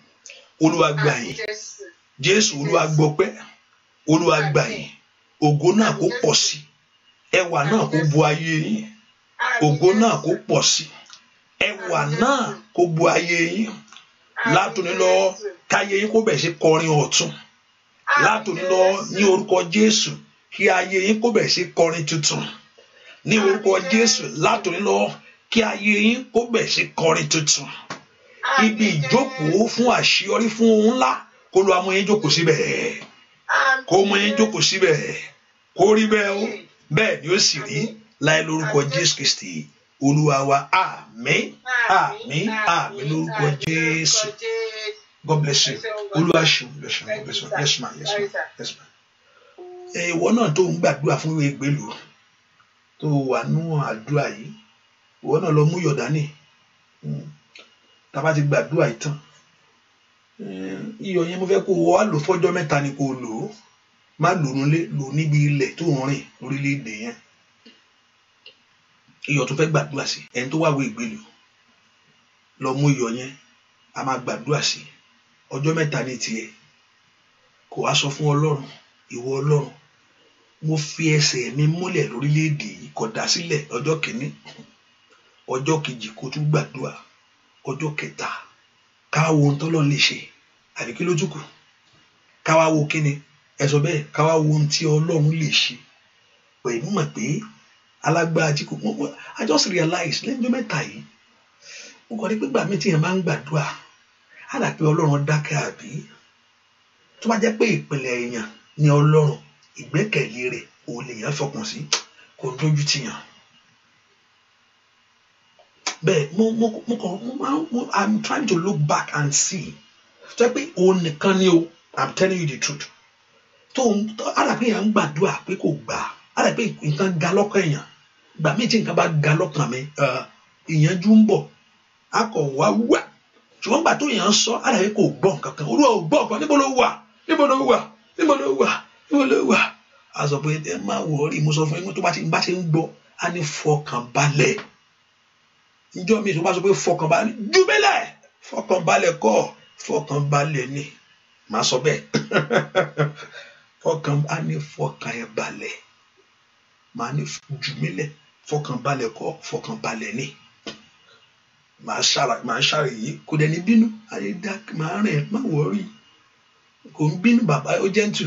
Jésù Olúwa gbọpẹ́ ògo náà kó pọ̀ sí ẹwà náà kó bu ayé yín ògo náà kó pọ̀ sí ẹwà náà kó bu ayé yín látòní lọ káyé yín kó bẹ̀rẹ̀ sí kọrin ọ̀tun látòní lọ ní orúkọ Jésù kí ayé yín kó bẹ̀rẹ̀ sí kọrin tuntun ní orúkọ Jésù látòní lọ kí ayé yín kó bẹ̀rẹ̀ sí kọrin tuntun ibi ìjókòó fún àṣeyọrí fún ohun ńlá kó lọ amóyín jókòó síbẹ̀ kó mú yín jókòó síbẹ̀ kó rí bẹ́ẹ̀ ó bẹ́ẹ̀ ni ó sì rí láì lórúkọ Jésù Kristi olúwa wa àmín àmín lórúkọ Jésù God bless you olúwa ṣeun olúwa ṣeun God bless you bless ma yes ma yes ma ìwọ náà tó ń gbàdúrà fún ìwé ìgbélú tó wà nù àdúrà yìí ìwọ náà lọ mú yọ̀dánì hmm. tàbá ti gbàdúrà yìí tán eh, iyọ̀ yẹn mo fẹ́ kó wọ́ á lò fọ́jọ́ mẹ́ta ni kó lò ó má lónúlé lò níbi ilẹ̀ tó ń rìn lórílẹ̀‐èdè yẹn iyọ̀ tó fẹ́ gbàdúrà sí ẹni tó wà wọ ìgbèlú lọ mú iyọ̀ yẹn a máa gbàdúrà sí ọjọ́ mẹ́ta ní tiẹ̀ kò wá sọ fún ọlọ́run ìwọ ọlọ́run mo fi ẹsẹ̀ mi múlẹ̀ lórílẹ̀‐èdè yìí kò dá sílẹ̀ ọjọ́ kìíní ọjọ́ kejì kó tún gbàdúrà ọjọ́ kẹta ká wo ohun tọ́lọ́ lè ṣe àbí kí ló tún kù wo kíni ẹ sọ bẹ́ẹ̀ ká wá wo ohun tí ọlọ́run lè ṣe pẹ̀lú mọ̀ pé alágbára tí kò mọ̀ mọ̀ i just realize lẹ́jọ́ mẹ́ta yìí mo kàn rí pé gbàmí tí yẹn máa ń gbàdúrà á dà pé ọlọ́run dákẹ́ àbí tó bá jẹ́ pé ìpìlẹ̀ èèyàn ni ọlọ́run ìgbẹ́kẹ̀lé rẹ̀ òun lèèyàn fọkàn sí kò dójú tì yàn bẹ́ẹ̀ mo mo mo kàn mo máa mo i'm trying to look back and see tó yẹ pé òun nìkan ni o i'm telling you the truth tóun arákùnrin yẹn ń gbàdúrà pé kò gbà arákùnrin nǹkan ga lọ́kàn èèyàn gbà mí tí nǹkan bá ga lọ́kàn mi ìyànjú ń bọ̀ a kò wá wá ṣùgbọ́n gbà tó yàn ń sọ arákùnrin kò gbọ́ nǹkan kan olúwa ò gbọ́ nǹkan níbo ló wà níbo ló wà níbo ló wà níbo ló wà a sọ pé ẹ má wọ orí mo sọ fún yín tó bá ti bá ṣe ń gbọ́ a ní fọkànbalẹ̀ níjọ́ mi tó bá sọ pé fọkànbalẹ̀ jùmílẹ̀ fọkànbalẹ̀ kọ́ fọkànbalẹ̀ ni màá sọ bẹ́ẹ̀ [LAUGHS] ọkàn á ní fọkàn ẹ balẹ̀ màá ní jù mí lẹ̀ fọkàn balẹ̀ kọ́ fọkàn balẹ̀ ni màá ṣàrà màá ṣàrà yìí kò dẹ̀ ní bínú àyè dá màá rìn má wọ́ọ̀rì kò ń bínú bàbá ó jẹ́ǹtù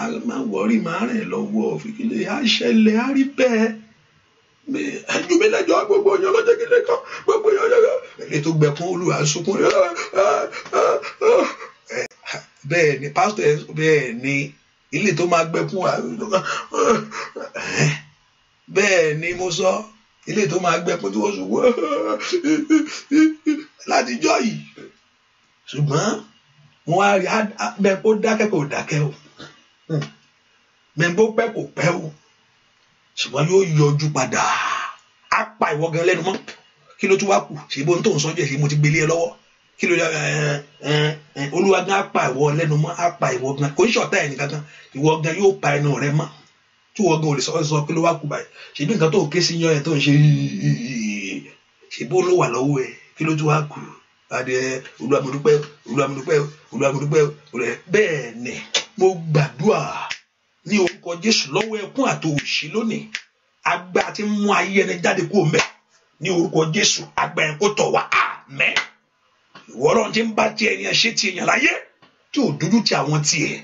á má wọ́ọ̀rì màá rìn lọ́wọ́ òfìkìlẹ̀ á ṣẹlẹ̀ á rí bẹ́ẹ̀ ẹjú mi lẹ́jọ́ gbogbo ọyàn lọjọ kìnìún kan gbogbo ọyàn lọjọ kìnìún kan ètò gbẹkún olùhàsókún rẹ bẹ́ẹ̀ ni pásítọ̀ ẹ̀ bẹ́ẹ̀ ni ilé tó máa gbẹ fún wa bẹ́ẹ̀ ni mo sọ ilé tó máa gbẹ fún tí wọ́n sùn látijọ́ yìí ṣùgbọ́n wọn á rí mẹ́pọ̀ dákẹ́ kò dákẹ́ o mẹ́pọ̀ pẹ́ kò pẹ́ o ṣùgbọ́n yóò yọjú padà á pa ìwọ gan lẹ́nu mọ́ kí ló tún wá kù ṣèbó ń tó ń sọ́jọ́ ẹ̀ ṣe mo ti gbélé ẹ lọ́wọ́ kí ló yà olúwa gan apá ìwọ lẹ́nu mọ́ apá ìwọ gan kò ń ṣọ̀tá ẹ̀ nìkan kan ìwọ gan yóò pa ẹnu rẹ mọ́ tí ìwọ gan ò lè sọ sọ kí ló wá kú báyìí ṣèbí nǹkan tó ń ké sí yan ẹ tó ń ṣe ṣèbí ó ló wà lọ́wọ́ ẹ kí ló tún wá kú adìẹ olúwa mo dúpẹ́ olúwa bẹ́ẹ̀ ni mo gbàdúrà ní orúkọ jésù lọ́wọ́ ẹkún àtòwòsí lónìí agbára ti mú ayé ẹni jáde kúrò mẹ́ ní orúkọ jésù agbára ẹ̀kọ́ tọ̀ wá àmẹ́ ìwọ ọlọ́run tí ń bá tiẹ̀ ènìyàn ṣe ti èèyàn láyé tí ò dúdú ti àwọn tiẹ̀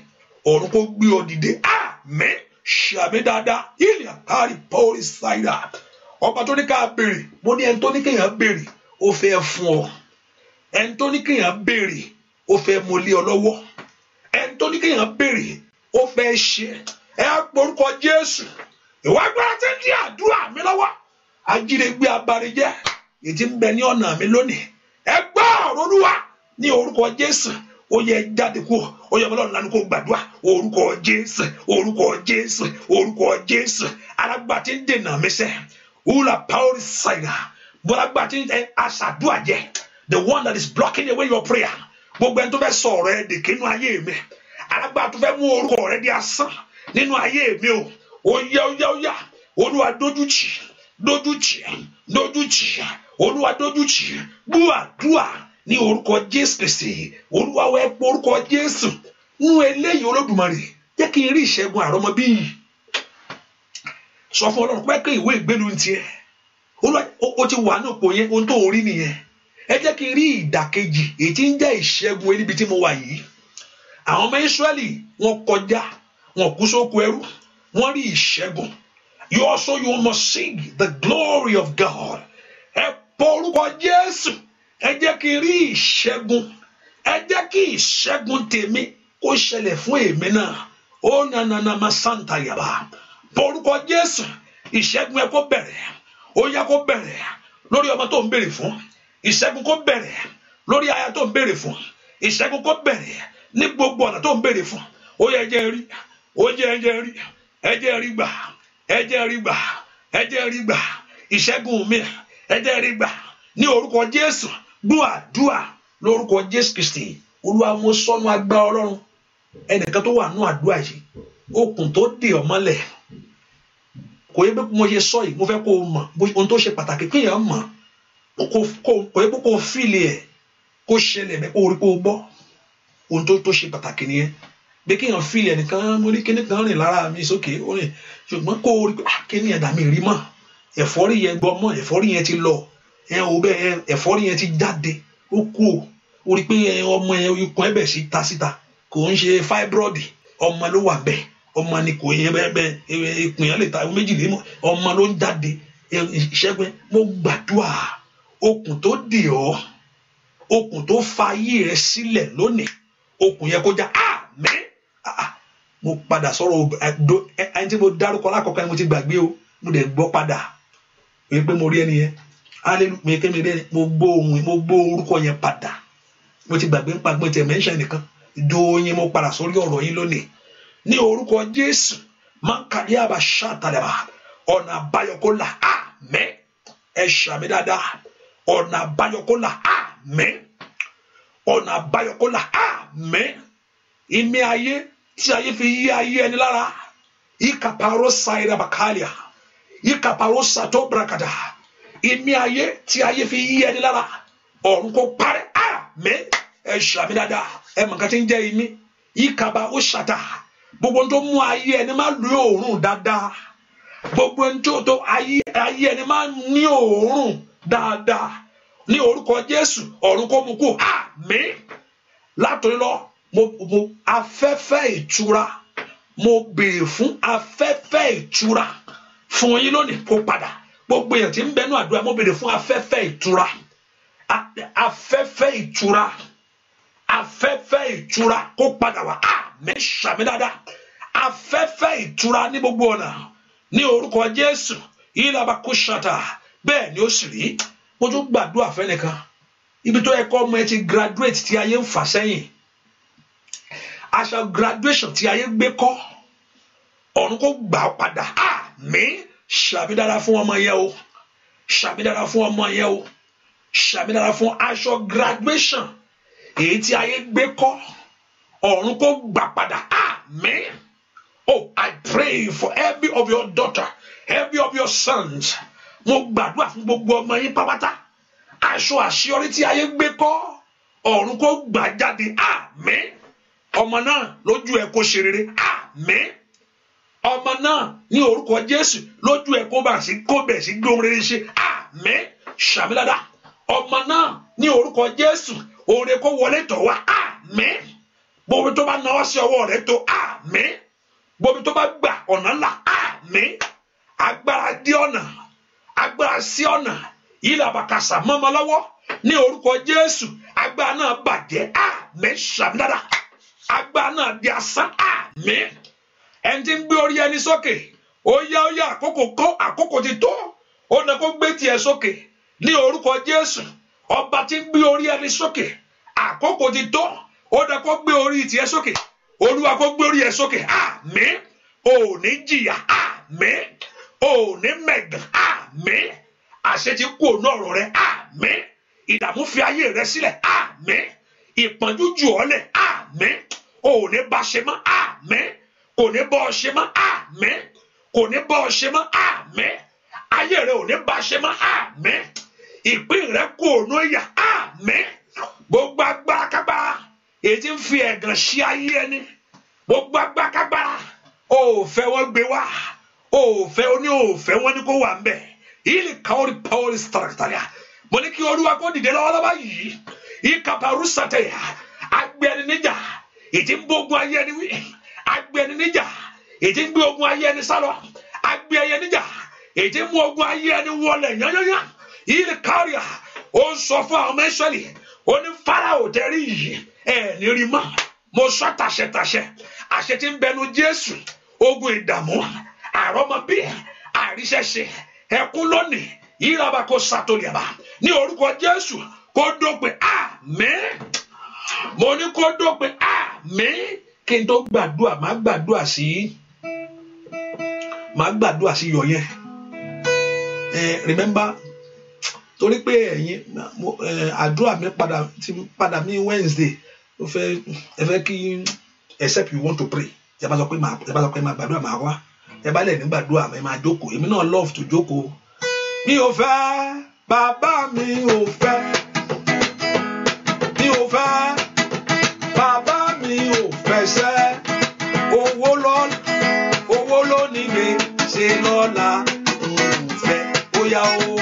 ọ̀run kó gbé ọ dìde àmín ṣàmì dáadáa ìlìyàn kárí pọ́ọ̀rì ṣáìdà ọba tó ní ká béèrè mo ní ẹni tó ní kéèyàn béèrè ó fẹ́ fún ọ ẹni tó ní kéèyàn béèrè ó fẹ́ mo lé ọ lọ́wọ́ ẹni tó ní kéèyàn béèrè ó fẹ́ ṣe ẹ gborúkọ jésù ìwà agbára tí ń di àdúrà mi lọ́wọ́ ajínigbé abarijẹ́ ètí ń bẹ ní ọ̀nà mi lónìí ẹ gbọ́ ọ̀rọ̀ olúwa ní orúkọ jésù ó yẹ jáde kú ó yẹ ọmọlọ́run lánàá kó gbàdúrà orúkọ jésù orúkọ jésù orúkọ jésù alágbà tí ń dènà mi sẹ́ wúlà pàórí sàyà bọ́lágbà tí ń aṣàdúrà jẹ the one that is blocking away your prayer gbogbo ẹni tó fẹ́ sọ ọ̀rọ̀ ẹ dèké nínú ayé mi alágbà tó fẹ́ mú orúkọ rẹ di asán nínú ayé mi o ó yá ó yá ó yá olúwa dójútì dójútì dójútì olúwa dójútì gbọ́ àdúrà ní orúkọ jésù kristi olúwa wẹ́ pé orúkọ jésù nú eléyìí olódùmarè jẹ́ kí n rí ìṣẹ́gun àrọ́mọ bí yìí sọ fún ọlọ́run pé kí ìwé ìgbélu ń tiẹ̀ olúwa ó ti wà ní òpó yẹn ohun tó ń rí nìyẹn ẹ jẹ́ kí n rí ìdàkejì èyí tí ń jẹ́ ìṣẹ́gun níbi tí mo wà yìí àwọn ọmọ Ísírẹ́lì wọ́n kọjá wọ́n kú sóko ẹrú wọ́n rí ìṣẹ́gun you also you must see the glory of God ẹ pọ Jésù ẹ jẹ́ kí n rí ìṣẹ́gun ẹ jẹ́ kí ìṣẹ́gun tèmi kó ṣẹlẹ̀ fún èmi náà ó nanana ma santa yaba pọ Jésù ìṣẹ́gun ẹ kó bẹ̀rẹ̀ ó yá kó bẹ̀rẹ̀ lórí ọmọ tó ń béèrè fún ìṣẹ́gun kó bẹ̀rẹ̀ lórí aya tó ń béèrè fún ìṣẹ́gun kó bẹ̀rẹ̀ ní gbogbo ọ̀nà tó ń béèrè fún ó yẹ ẹ rí ó jẹ́ ẹ rí ẹ rí gbà ẹ jẹ́ rí gbà ẹ jẹ́ rí gbà ìṣẹ́gun mi ẹ jẹ́ rí gbà ní orúkọ Jésù dúà dúà lórúkọ Jésù Kristi Olúwa mo sọnù agbá Ọlọ́run ẹnìkan tó wà nù àdúrà yìí okùn tó dè ọ́ mọ́lẹ̀ kò yẹ pé mo ṣe sọ yìí mo fẹ́ kó o mọ̀ ohun tó ṣe pàtàkì kéèyàn mọ̀ kò yẹ pé kó o fìlì ẹ̀ kó ṣẹlẹ̀ bẹ́ẹ̀ kó kó o gbọ́ ohun tó ṣe pàtàkì nìyẹn bí kéèyàn fílì ẹnìkan mo rí kíní kan rìn lára mi sókè ó rìn ṣùgbọ́n kó o rí ah, kíní ẹ̀dá mi rí mọ́ ẹ̀fọ́rí yẹn gbọ́ mọ́ ẹ̀fọ́rí yẹn ti lọ ẹ̀ ò bẹ́ẹ̀ ẹ̀fọ́rí yẹn ti jáde ó kú o rí pé ọmọ yẹn ikùn ẹ̀bẹ̀ sí ta síta kò ń ṣe fibroid ọmọ ló wà bẹ́ẹ̀ ọmọ ni kò yẹn bẹ́ẹ̀ ikùn yẹn lè ta méjìlémọ̀ ọmọ ló ń jáde ìṣẹ́gun mo gbàdúrà okùn tó dè ọ́ okùn tó fa ayé rẹ sílẹ̀ lónìí okùn yẹn kó já àmín Ah, ah, mo padà sọ̀rọ̀ ẹni tí mo dárúkọ lákọ̀ọ́kọ́ ni mo ti gbàgbé o mo dẹ̀ gbọ́ padà wípé mo rí ẹni yẹn alelu mi kémi rí ẹni mo gbọ́ ohun mo gbọ́ orúkọ yẹn padà mo ti gbàgbé nípa gbọ́n tiẹ̀ mẹ́ńṣẹ̀ nìkan dòyin mo padà sórí ọ̀rọ̀ yín lónìí ní orúkọ Jésù máa ń kàdí àbá ṣàtàlẹ́bà ọ̀nà àbáyọ kó là àmín ẹ ṣàmì dáadáa ọ̀nà àbáyọ kó ọ̀nà àbáyọ kó ìmí ayé tí ayé fi yí ayé ẹni lára ìkàpàrọ̀ ṣàìrà bàkàlìà ìkàpàrọ̀ ṣàtó brakada ìmí ayé tí ayé fi yí ẹni lára ọ̀run kò parẹ́ àmín ẹ ṣàmì dáadáa ẹ mọ̀ nǹkan tí ń jẹ́ ìmí ìkàbà ó ṣàtà gbogbo tó mú ayé ẹni máa lu òórùn dáadáa gbogbo ẹni tó tó ayé ayé ẹni máa ní òórùn dáadáa ní orúkọ Jésù ọ̀run kó mú kú àmín látòrí lọ mo mo afẹ́fẹ́ ìtura mo béèrè fún afẹ́fẹ́ ìtura fún yín lónìí kó padà gbogbo èèyàn tí ń bẹnu àdúrà mo béèrè fún afẹ́fẹ́ ìtura afẹ́fẹ́ ìtura afẹ́fẹ́ ìtura kó padà wá àmín ṣàmì dáadáa afẹ́fẹ́ ìtura ní gbogbo ọ̀nà ní orúkọ Jésù ìlàbà kó ṣàtà bẹ́ẹ̀ ni ó sì rí mo tún gbàdúrà fẹ́nìkan ibi tó yẹ kọ́ ọmọ ẹ ti graduate tí ayé ń fà sẹ́yìn aṣọ graduation tí ayé gbé kọ́ ọ̀run kó gbà á padà àmín ṣàmìdára fún ọmọ yẹn o ṣàmìdára fún ọmọ yẹn o ṣàmìdára fún aṣọ graduation èyí tí ayé gbé kọ́ ọ̀run kó gbà padà àmín oh i pray for every of your daughter every of your sons mo gbàdúrà fún gbogbo ọmọ yín pápátá aṣọ àṣeyọrí tí ayé gbé kọ́ ọ̀run kó gbà jáde àmín. Ah, ọmọ náà lójú ẹ kó ṣe rere àmín ọmọ náà ní orúkọ Jésù lójú ẹ kó bá sí kó bẹ̀ sí gbóhùn rere ṣe àmín ṣàmìlàdà ọmọ náà ní orúkọ Jésù oore kó wọlé tọ̀ wá àmín gbogbo tó bá náwó sí ọwọ́ rẹ tó àmín gbogbo tó bá gbà ọ̀nà là àmín agbára dí ọ̀nà agbára sí ọ̀nà ilà bàkàsà mọ́mọ́ lọ́wọ́ ní orúkọ Jésù agbára náà bàjẹ́ àmín ṣàmìlàdà agbára náà di asán àmì ẹni tí ń gbé orí ẹni sókè ó yá ó yá àkókò kọ́ àkókò ti tó ó nà kó gbé tiẹ̀ sókè ní orúkọ Jésù ọba tí ń gbé orí ẹni sókè àkókò ti tó ó nà kó gbé orí tiẹ̀ sókè olúwa kó gbé orí ẹ sókè àmì ò ní jìyà àmì ò ní mẹ̀gàn àmì àṣẹ ti kú òun ọ̀rọ̀ rẹ àmì ìdààmú fi ayé rẹ sílẹ̀ àmì. Ah, ìpọ́njú jù ọ́ lẹ̀ àmín ò ní bá ṣe mọ́ àmín kò ní bọ́ ọ ṣe mọ́ àmín kò ní bọ́ ọ ṣe mọ́ àmín ayé rẹ ò ní bá ṣe mọ́ àmín ìpín rẹ kò ònú ìyà àmín gbogbo agbákágbá èyí tí ń fi ẹ̀gàn ṣí ayé ẹni gbogbo agbákágbá ò fẹ́ wọ́n gbé wá ò fẹ́ ó ní ò fẹ́ wọ́n ní kó wà ń bẹ̀ yìí ni káwọn pàwọ́rì sítọ̀rọ̀ tàlẹ́ mo ní kí olúwa kó dìde lọ́wọ́lọ́wọ́ yìí ìkàpàrú sàtẹ̀yà agbẹni níjà ètí ń bó ogun ayé ẹni wí agbẹni níjà ètí ń gbé ogun ayé ẹni sálọ agbẹyẹ níjà ètí ń mú ogun ayé ẹni wọlé yányányá ìlú káríà ó ń sọ fún àwọn mẹ́sọ̀lì ó ní Fáráò tẹ́rí yìí ẹ̀ ní rí mo sọ tàṣẹtàṣẹ àṣẹ ń bẹnu Jésù ogun ìdààmú àrọ́mọbí àríṣẹ́ṣe ẹkún lónìí yìí rábà kó sàtòlìyàbá ní orúkọ Jésù kó dópin àmín mo ní kó dópin àmín kí n tó gbàdúrà má gbàdúrà sí má gbàdúrà sí yọ yẹn ẹ remember torí pé ẹ̀yin àdúrà mi padà ti padà mi Wednesday ó fẹ́ ẹ fẹ́ kí except you want to pray ẹ bá sọ pé màá ẹ bá sọ pé màá gbàdúrà màá wá ẹ bá lẹ̀ ní gbàdúrà ẹ máa jókòó èmi náà love to jókòó mi ò fẹ́ bàbá mi ò fẹ́ fẹ́ bàbá mi ò fẹsẹ̀ owó lọ owó ló ní mi ṣe lọ́la òun fẹ́ ó o.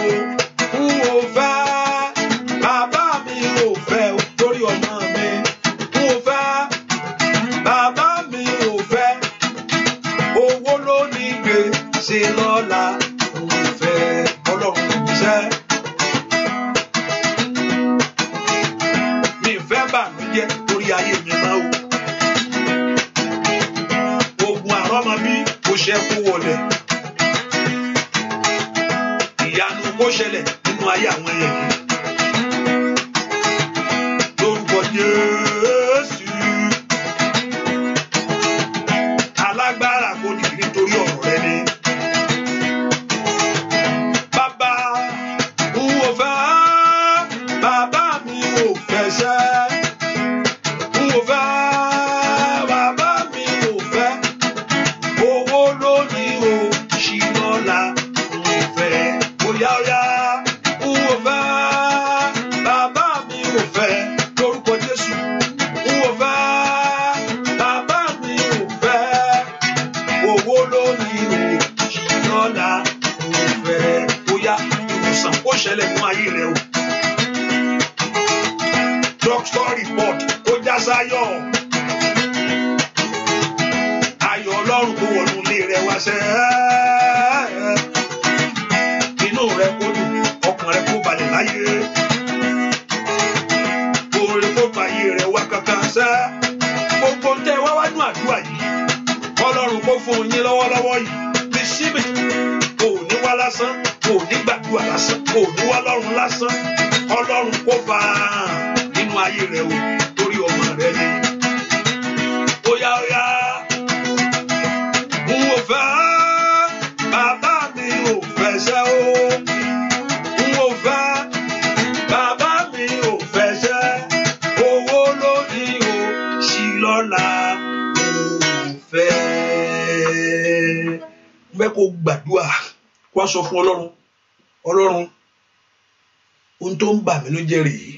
nínú jẹ́ rèé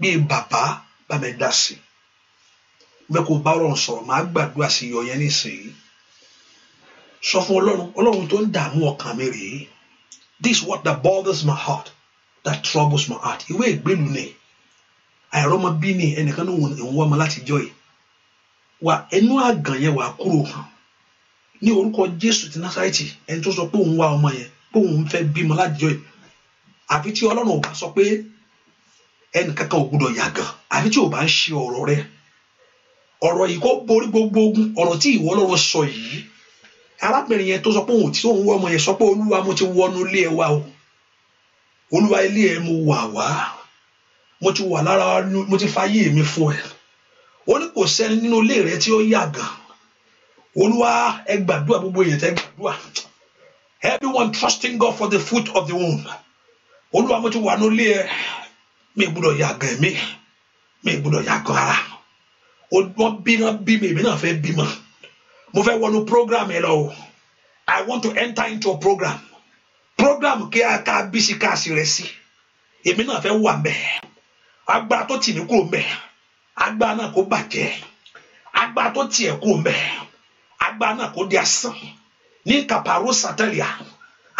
bí bàbá bá mi dá sí bẹ́ kó bá ọlọ́run sọ̀rọ̀ máa gbàdúrà sí iyọ̀ yẹn nísìnyí sọ fún ọlọ́run ọlọ́run tó ń dààmú ọkàn mi rèé this what that bothers my heart that troubles my heart ìwé ìgbélu ni àìrọ́mọ bí ni ẹnìkan náà ń wá ọmọ láti jọ yìí wà ẹnu àgàn yẹn wà kúrò hàn ní orúkọ jésù ti násàrẹ́tì ẹni tó sọ pé òun wá ọmọ yẹn pé òun fẹ́ bímọ láti jọ yìí àfi tí ọlọ́run ò bá sọ pé ẹnì ò gbúdọ̀ yàgàn àfi tí o bá ń ṣe ọ̀rọ̀ rẹ ọ̀rọ̀ yìí kó borí gbogbo ogun ọ̀rọ̀ tí ìwọ lọ́wọ́ sọ yìí arábìnrin yẹn tó sọ pé òun tí òun wọ ọmọ yẹn sọ pé olúwa mo ti wọnú ilé ẹ wá o olúwa ilé ẹ mo wà wá mo ti wà lára mo ti fàyè mi fún ẹ ó ní kò sẹ́ni nínú ilé rẹ tí ó yàgàn olúwa ẹ gbàdúrà gbogbo èèyàn tẹ gbàdúrà everyone trusting God for the fruit of the womb olúwa mo ti wà nílé ẹ mi gbúdọ̀ yàgàn ẹ̀mí mi gbúdọ̀ yàgàn ara wọ́n bí náà bí mi èmi náà fẹ́ bímọ mo fẹ́ wọnú program yẹn lọ o I want to enter into a program program kí a ká bí sí ká sí rẹ sí èmi náà fẹ́ wà mẹ́ agbára tó tì ní kúrò mẹ́ agbára náà kó bàjẹ́ agbára tó tì ẹ̀ kúrò mẹ́ agbára náà kó di asán ní kàpàrọ̀ sátẹ́lì à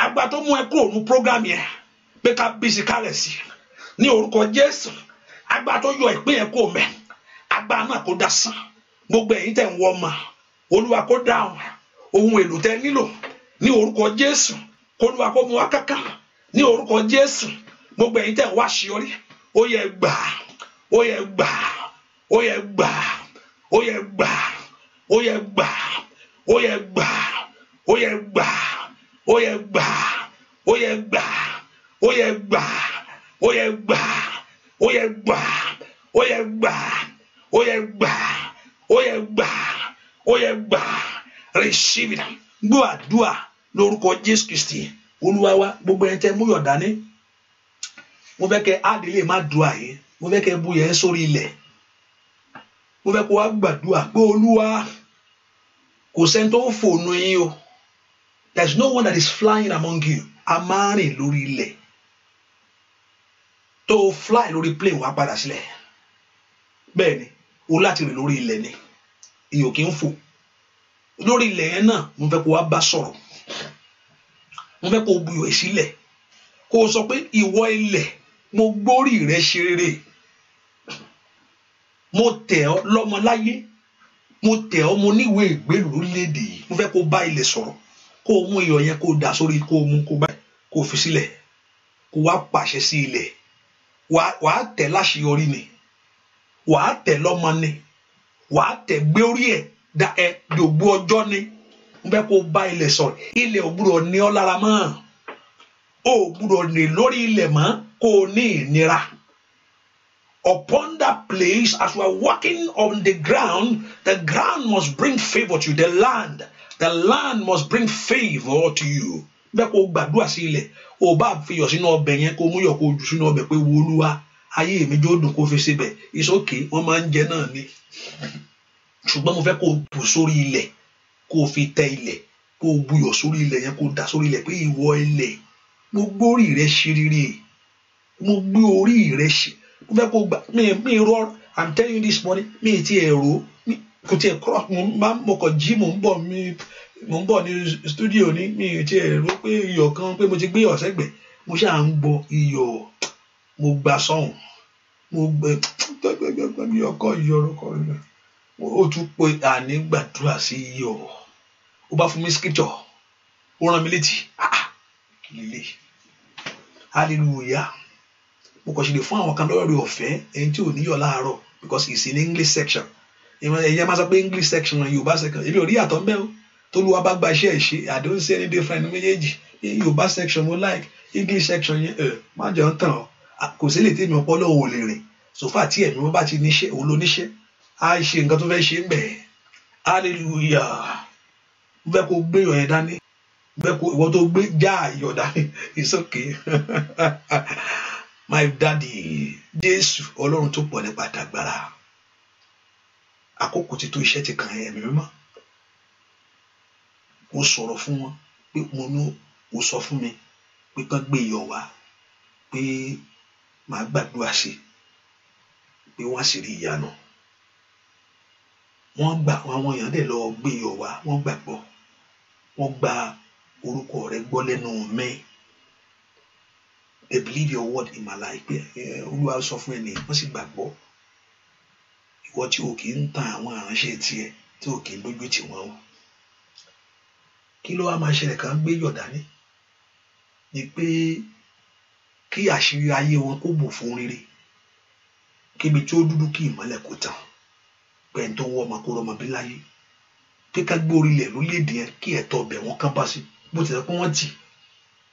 agbára tó mú ẹ kúrò ní program yẹn pé ká bí sí ká sí ní orúkọ jésù agbára tó yọ ìpín yẹn kó mẹ agbára náà kó dá sàn gbogbo ẹ̀yin tẹ́ ń wọ ọmọ olúwa kó dáhùn ohun èlò tẹ́ nílò ní orúkọ jésù olúwa kó mú wá kankan ní orúkọ jésù gbogbo ẹ̀yin tẹ́ ń wá ṣíorí ó yẹ gbà ó yẹ gbà ó yẹ gbà ó yẹ gbà ó yẹ gbà ó yẹ gbà ó yẹ gbà ó yẹ gbà ó yẹ gbà ó yẹ gbà ó yẹ gbà ó yẹ gbà ó yẹ gbà ó yẹ gbà ó yẹ gbà ó yẹ gbà receive it gbọ́ àdúà lórúkọ Jésù Kristi Olúwa wa gbogbo ẹni tẹ mú yọ̀ dání mo fẹ́ kẹ́ àdìlẹ má dùà yìí mo fẹ́ kẹ́ bu yẹn sórí ilẹ̀ mo fẹ́ kó wa gbàdúà pé Olúwa kò sẹ́ni tó ń fòònù yín o there is no one that is flying among you a máa rìn lórí ilẹ̀ tó fly lórí plane wá padà sílẹ̀ bẹ́ẹ̀ ni o láti rìn lórí ilẹ̀ ni ìyò kì í fò lórí ilẹ̀ yẹn náà mo fẹ́ kó wá bá sọ̀rọ̀ mo fẹ́ kó o buyọ̀ sílẹ̀ kó o sọ pé ìwọ ilẹ̀ mo gbórí rẹ ṣe rere mo tẹ̀ ọ́ lọ́mọ láyé mo tẹ̀ ọ́ mo níwèé ìgbélú lórílẹ̀ mo fẹ́ kó bá ilẹ̀ sọ̀rọ̀ kó o mú iyọ̀ yẹn kó o dà sórí kó o mú kó o bá kó o fi sílẹ̀ kó o wá pàṣẹ sí ilẹ̀ wàá tẹ̀ láṣeyọrí ni wàá tẹ̀ lọ́mọ ni wàá tẹ̀ gbé orí ẹ̀ da ẹ dògbó ọjọ́ ni n bẹ kó bá ilẹ̀ sọ̀rọ̀ ilẹ̀ ò gbúdọ̀ ní ọ lára mọ́ ò gbúdọ̀ ní lórí ilẹ̀ mọ́ kó o ní ìnira. Upon that place, as we are walking on the ground, the ground must bring favor to you. The land, the land must bring favor to you fẹ́ kó gbàdúrà sí ilẹ̀ ò bá fiyọ̀ sínú ọbẹ̀ yẹn kó múyọ̀ kó jù sínú ọbẹ̀ pé wo olúwa ayé mi jó dùn kó fi síbẹ̀ ìsókè wọ́n máa ń jẹ náà ni ṣùgbọ́n mo fẹ́ kó bù sórí ilẹ̀ kó fi tẹ ilẹ̀ kó buyọ̀ sórí ilẹ̀ yẹn kó dà sórí ilẹ̀ pé ìwọ ilẹ̀ mo gbórí rẹ ṣiriri mo gbé orí rẹ ṣe mo fẹ́ kó gbà mi mi rọ i'm telling you this morning mi ti ẹ̀ rò kò tiẹ̀ cross mo kàn jí mo ń bọ̀ mi mo ń bọ̀ ní stúdíò ní mi ò tiẹ̀ rò pé iyọ̀ kan pé mo ti gbé iyọ̀ sẹ́gbẹ̀ẹ́ mo ṣáà ń gbọ́ iyọ̀ mo gba sọ́hùn mo gbẹ gbẹgbẹgbẹgbẹ ọkọ iyọrọ kọ rẹ ó tún pe àní gbàdúrà sí iyọ̀ ó bá fún mi scripture ó rán mi létí ah, lílé hallelujah mo kàn ṣe lè fún àwọn kan lọ́rọ̀ rẹ ọ̀fẹ́ ẹni tí ò níyọ̀ láàárọ̀ because it's in English section ẹ̀yẹ́ máa sọ pé English section Yorùbá section èmi ò rí àtọ́ ń o tolúwa bá gba iṣẹ́ ìṣe I don't see any different méjèèjì yorùbá section mo like english section yẹn ẹ eh, má jọ ń tàn ọ kò sí lè tẹ̀mí ọpọlọ òwò lè rìn sòfà tí ẹ̀mí wọn bá ti níṣẹ́ òun ló níṣẹ́ á ṣe nǹkan tó fẹ́ ṣe ń bẹ̀ hallelujah mo fẹ́ kó gbé yàn yẹn dání mo fẹ́ kó ìwọ tó gbé já àyọ̀ dání it's okay [LAUGHS] my daddy jésù ọlọ́run tó pọ̀ nípa àtàgbára àkókò ti tó iṣẹ́ ti kàn ẹ̀mí mímọ́ mo sọ̀rọ̀ fún wọn pé mo ní o sọ fún mi pé kán gbé iyọ̀ wá pé màá gbàdúrà sí pé wọ́n á sì rí ìyanu wọ́n gbà àwọn èèyàn dẹ̀ lọ gbé iyọ̀ wá wọ́n gbàgbọ́ wọ́n gba orúkọ rẹ gbọ́ lẹ́nu mi they believe your word in my life pé olúwa sọ fún ẹnì wọ́n sì gbàgbọ́ ìwọ tí o kì í tan àwọn àránṣẹ́ tiẹ̀ tí o kì í lójú tì o kí ló wá máa ṣẹlẹ̀ kan gbé yọ̀dá ni pé kí àṣírí ayé wọn kó bò fún rere kíbi tí ó dúdú kí ìmọ́lẹ̀ kó tàn pẹ̀lú tó wọ́ ọmọ kó bí láyé pé ká gbé orílẹ̀ lórílẹ̀‐èdè kí ẹ̀tọ́ ọbẹ̀ wọn kán bá sí bó ti sọ pé wọ́n tì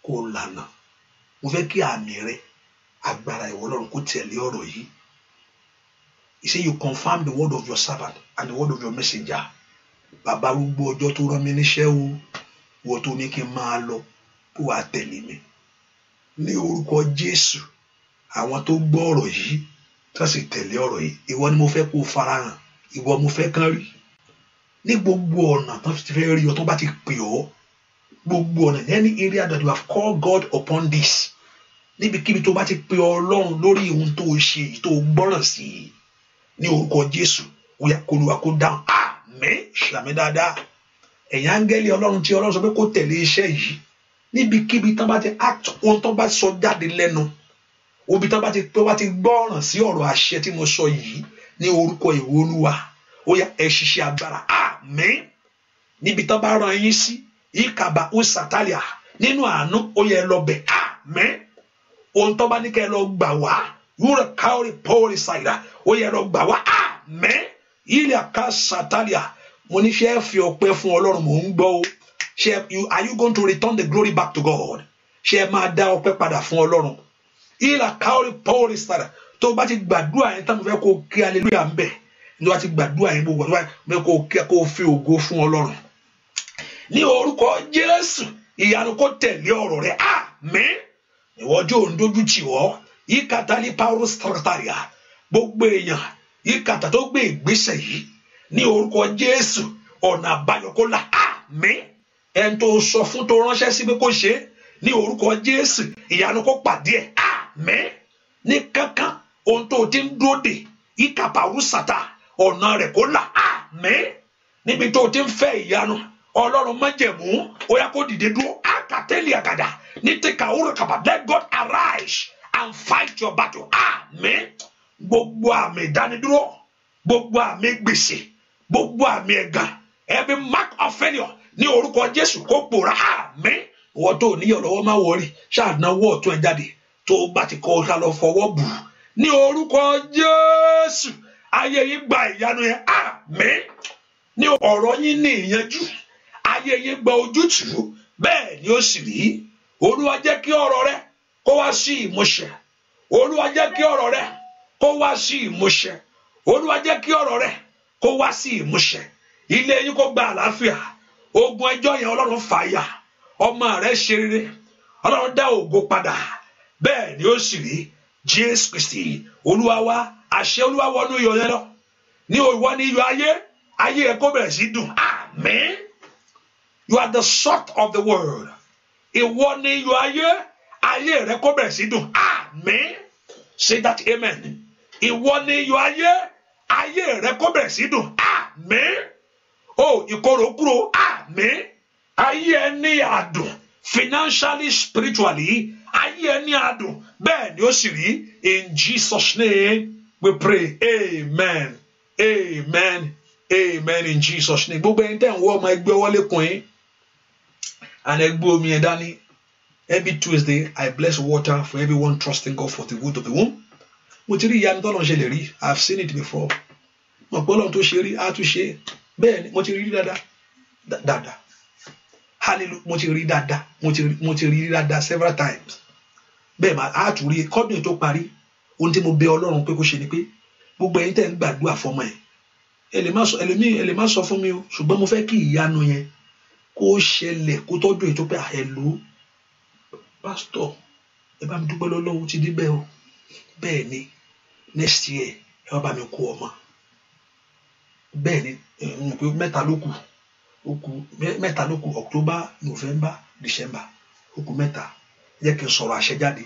kó lànà mo fẹ́ kí àmì rẹ agbára ìwọ Ọlọ́run kó tẹ̀lé ọ̀rọ̀ yìí he say you confirm the word of your servant and the word of your messenger bàbá arúgbó ọjọ́ tó rán mi níṣẹ́ o wọ́n tó ní kí n máa lọ kó wàá tẹ̀lé mi ní orúkọ Jésù àwọn tó gbọ́ ọ̀rọ̀ yìí tó sì tẹ̀lé ọ̀rọ̀ yìí ìwọ ni mo fẹ́ kó o farahàn ìwọ mo fẹ́ kán rí ní gbogbo ọ̀nà tó ti fẹ́ rí ọ tó bá ti pè ọ́ gbogbo ọ̀nà any area that you have called God upon this níbikíbi tó bá ti pe ọlọ́run lórí ohun tó ṣe tó gbọ́ràn sí ní orúkọ Jésù ó yá kó lu wa dáhùn á àmín ṣàmì dáadáa ẹ̀yin áńgẹ́lì ọlọ́run tí ọlọ́run sọ pé kó tẹ̀lé iṣẹ́ yìí níbikíbi tán bá ti act ohun tán bá sọ jáde lẹ́nu obi tán bá ti tó bá ti gbọ́ràn sí ọ̀rọ̀ àṣẹ tí mo sọ yìí ní orúkọ ìwé olúwa ó yá ẹ ṣiṣẹ́ agbára àmín níbi tán bá rán yín sí ìkàbà usatalia nínú àánú ó yẹ lọ bẹ̀ àmín ohun tán bá ní kẹ́ ẹ lọ gbà wá wúrà káórì pọ́ọ̀rì ṣàìrà ó yẹ lọ gbà wá àmín ilẹ̀ ká satalia mo ní ṣe é fi ọpẹ́ fún ọlọ́run mò ń gbọ́ o ṣe are you going to return the glory back to God ṣe é máa dá ọpẹ́ padà fún ọlọ́run ilẹ̀ ká orí paul sara tó o bá ti gbàdúrà yẹn tán mo fẹ́ kó o kí hallelujah ń bẹ̀ ní o bá ti gbàdúrà yẹn gbogbo àdúrà mo fẹ́ kó o kí o fi ògo fún ọlọ́run ní orúkọ jésù ìyanu kó tẹ̀lé ọ̀rọ̀ rẹ̀ àmín ìwọ́jú òǹdójú tì wọ́ yíkatali paul sara gbogbo èèyàn ìkàtà tó gbé ìgbésẹ̀ yìí ní orúkọ Jésù ọ̀nà àbáyọ kó là àmín ẹni tó sọ fún tó ránṣẹ́ sí pé kó ṣe é ní orúkọ Jésù ìyanu kó pàdé ẹ̀ àmín ní kankan ohun tó ti ń dúró dè ìkàpàrú sàtà ọ̀nà rẹ̀ kó là àmín níbi tó ti ń fẹ́ ìyanu ọlọ́run májẹ̀mú ó yá kó dìde dúró àkàtẹ́lì àgàdà ní tẹ̀ka òrùkàbà let God arise and fight your battle àmín. Ah, gbogbo àmì ìdánidúró gbogbo àmì gbèsè gbogbo àmì ẹ̀gàn every mark of failure ní orúkọ Jésù kó pòórá àmì ìwọ tó níyàn lọ́wọ́ má wọrí ṣáàdánwò ọ̀tún ẹ jáde tó bá ti kọ́ ká lọ fọwọ bù ní orúkọ Jésù ayé yìí gba ìyanu yẹn àmì ní ọrọ yín ní ìyanjú ayé yìí gba ojútùú bẹ́ẹ̀ ni ó sì rí Olúwa jẹ́ kí ọ̀rọ̀ rẹ kó wá sí ìmúṣẹ Olúwa jẹ́ kí ọ̀rọ̀ rẹ kó wá sí ìmúṣẹ olúwa jẹ́ kí ọ̀rọ̀ rẹ̀ kó wá sí ìmúṣẹ ilé yín kó gba àlàáfíà ogun ẹjọ́ yẹn ọlọ́run fàáyà ọmọ rẹ̀ ṣe rere ọlọ́run dá ògo padà bẹ́ẹ̀ ni ó sì rí jésù kristi olúwa àṣẹ olúwa wọnú iyọ̀ yẹn ní ìwọ ní iyọ̀ ayé ayé ẹ kó bẹ̀rẹ̀ sí dùn àmín you are the salt of the world ìwọ ní iyọ̀ ayé ayé rẹ kó bẹ̀rẹ̀ sí dùn àmín say that amen ìwọ ni iyọ̀ ayé ayé rẹ kó bẹ̀rẹ̀ sí dùn àmín o ìkorò kúrò àmín ayé ẹ ní àdùn financially spiritually ayé ẹ ní àdùn bẹ́ẹ̀ ni ó sì rí in Jesus name we pray amen amen amen in Jesus name gbogbo ẹni tẹ́ ń wọ ọmọ ẹgbẹ́ ọwọ́ lẹ́kùn yín and ẹgbẹ́ omi ẹ̀ dání every Tuesday I bless water for everyone trusting God for the good of the womb mo ti rí ìyanu tọ́lọ̀ ṣẹlẹ̀ rí i seen it before mo pọ́ lọ́n tó ṣe rí a tún ṣe bẹ́ẹ̀ ni mo ti rí dáadáa dáadáa hallelujah mo ti rí dáadáa mo ti rí dáadáa several times bẹ́ẹ̀ ma a tún rí i kọ́dún tó parí ohun tí mo bẹ ọlọ́run pé kó ṣe ni pé gbogbo ẹ̀yin tẹ̀ ń gbàdúrà fọmọ ẹ̀ ẹ lè má sọ fún mi o ṣùgbọ́n mo fẹ́ kí ìyanu yẹn kó ṣẹlẹ̀ kó tọ́jú ètò pé àhẹ̀lò ah, pásítọ̀ ẹ bá mi dúpẹ́ lọ́lọ́run ti dé bẹ́ẹ̀ o bẹ́ẹ̀ ni next year ẹ wá bá mi kó ọmọ bẹ́ẹ̀ ni mo pe mẹ́ta ló kù ó kù mẹ́ta ló kù October November December ó kù mẹ́ta yẹ kí n sọ̀rọ̀ àṣẹjáde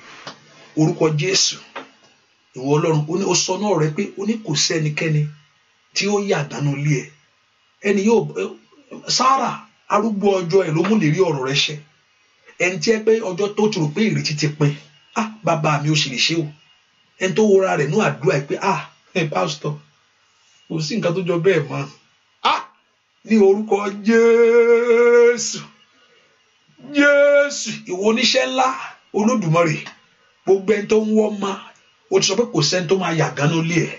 orúkọ Jésù ìwọ Ọlọ́run ó ní ó sọ náà rẹ pé ó ní kò sí ẹnikẹ́ni tí ó yà dánú ilé ẹ ẹni yóò Sárà arúgbó ọjọ́ ẹ ló mú lè rí ọ̀rọ̀ rẹ ṣẹ ẹni tí ẹ pé ọjọ́ tó ti pé ìrètí ti pin ah bàbá mi ò sì lè ṣe o ẹni tó wọra rẹ̀ ní àdúrà pé ah ẹ pásítọ̀ kò sí nǹkan tó jọ bẹ́ẹ̀ mọ́ ah ní orúkọ Jésù Jésù ìwọ oníṣẹ́ ńlá Olódùmarè gbogbo ẹni tó ń wọ́ ma o ti sọ pé kò sẹ́ni tó máa yàgànnú lé ẹ̀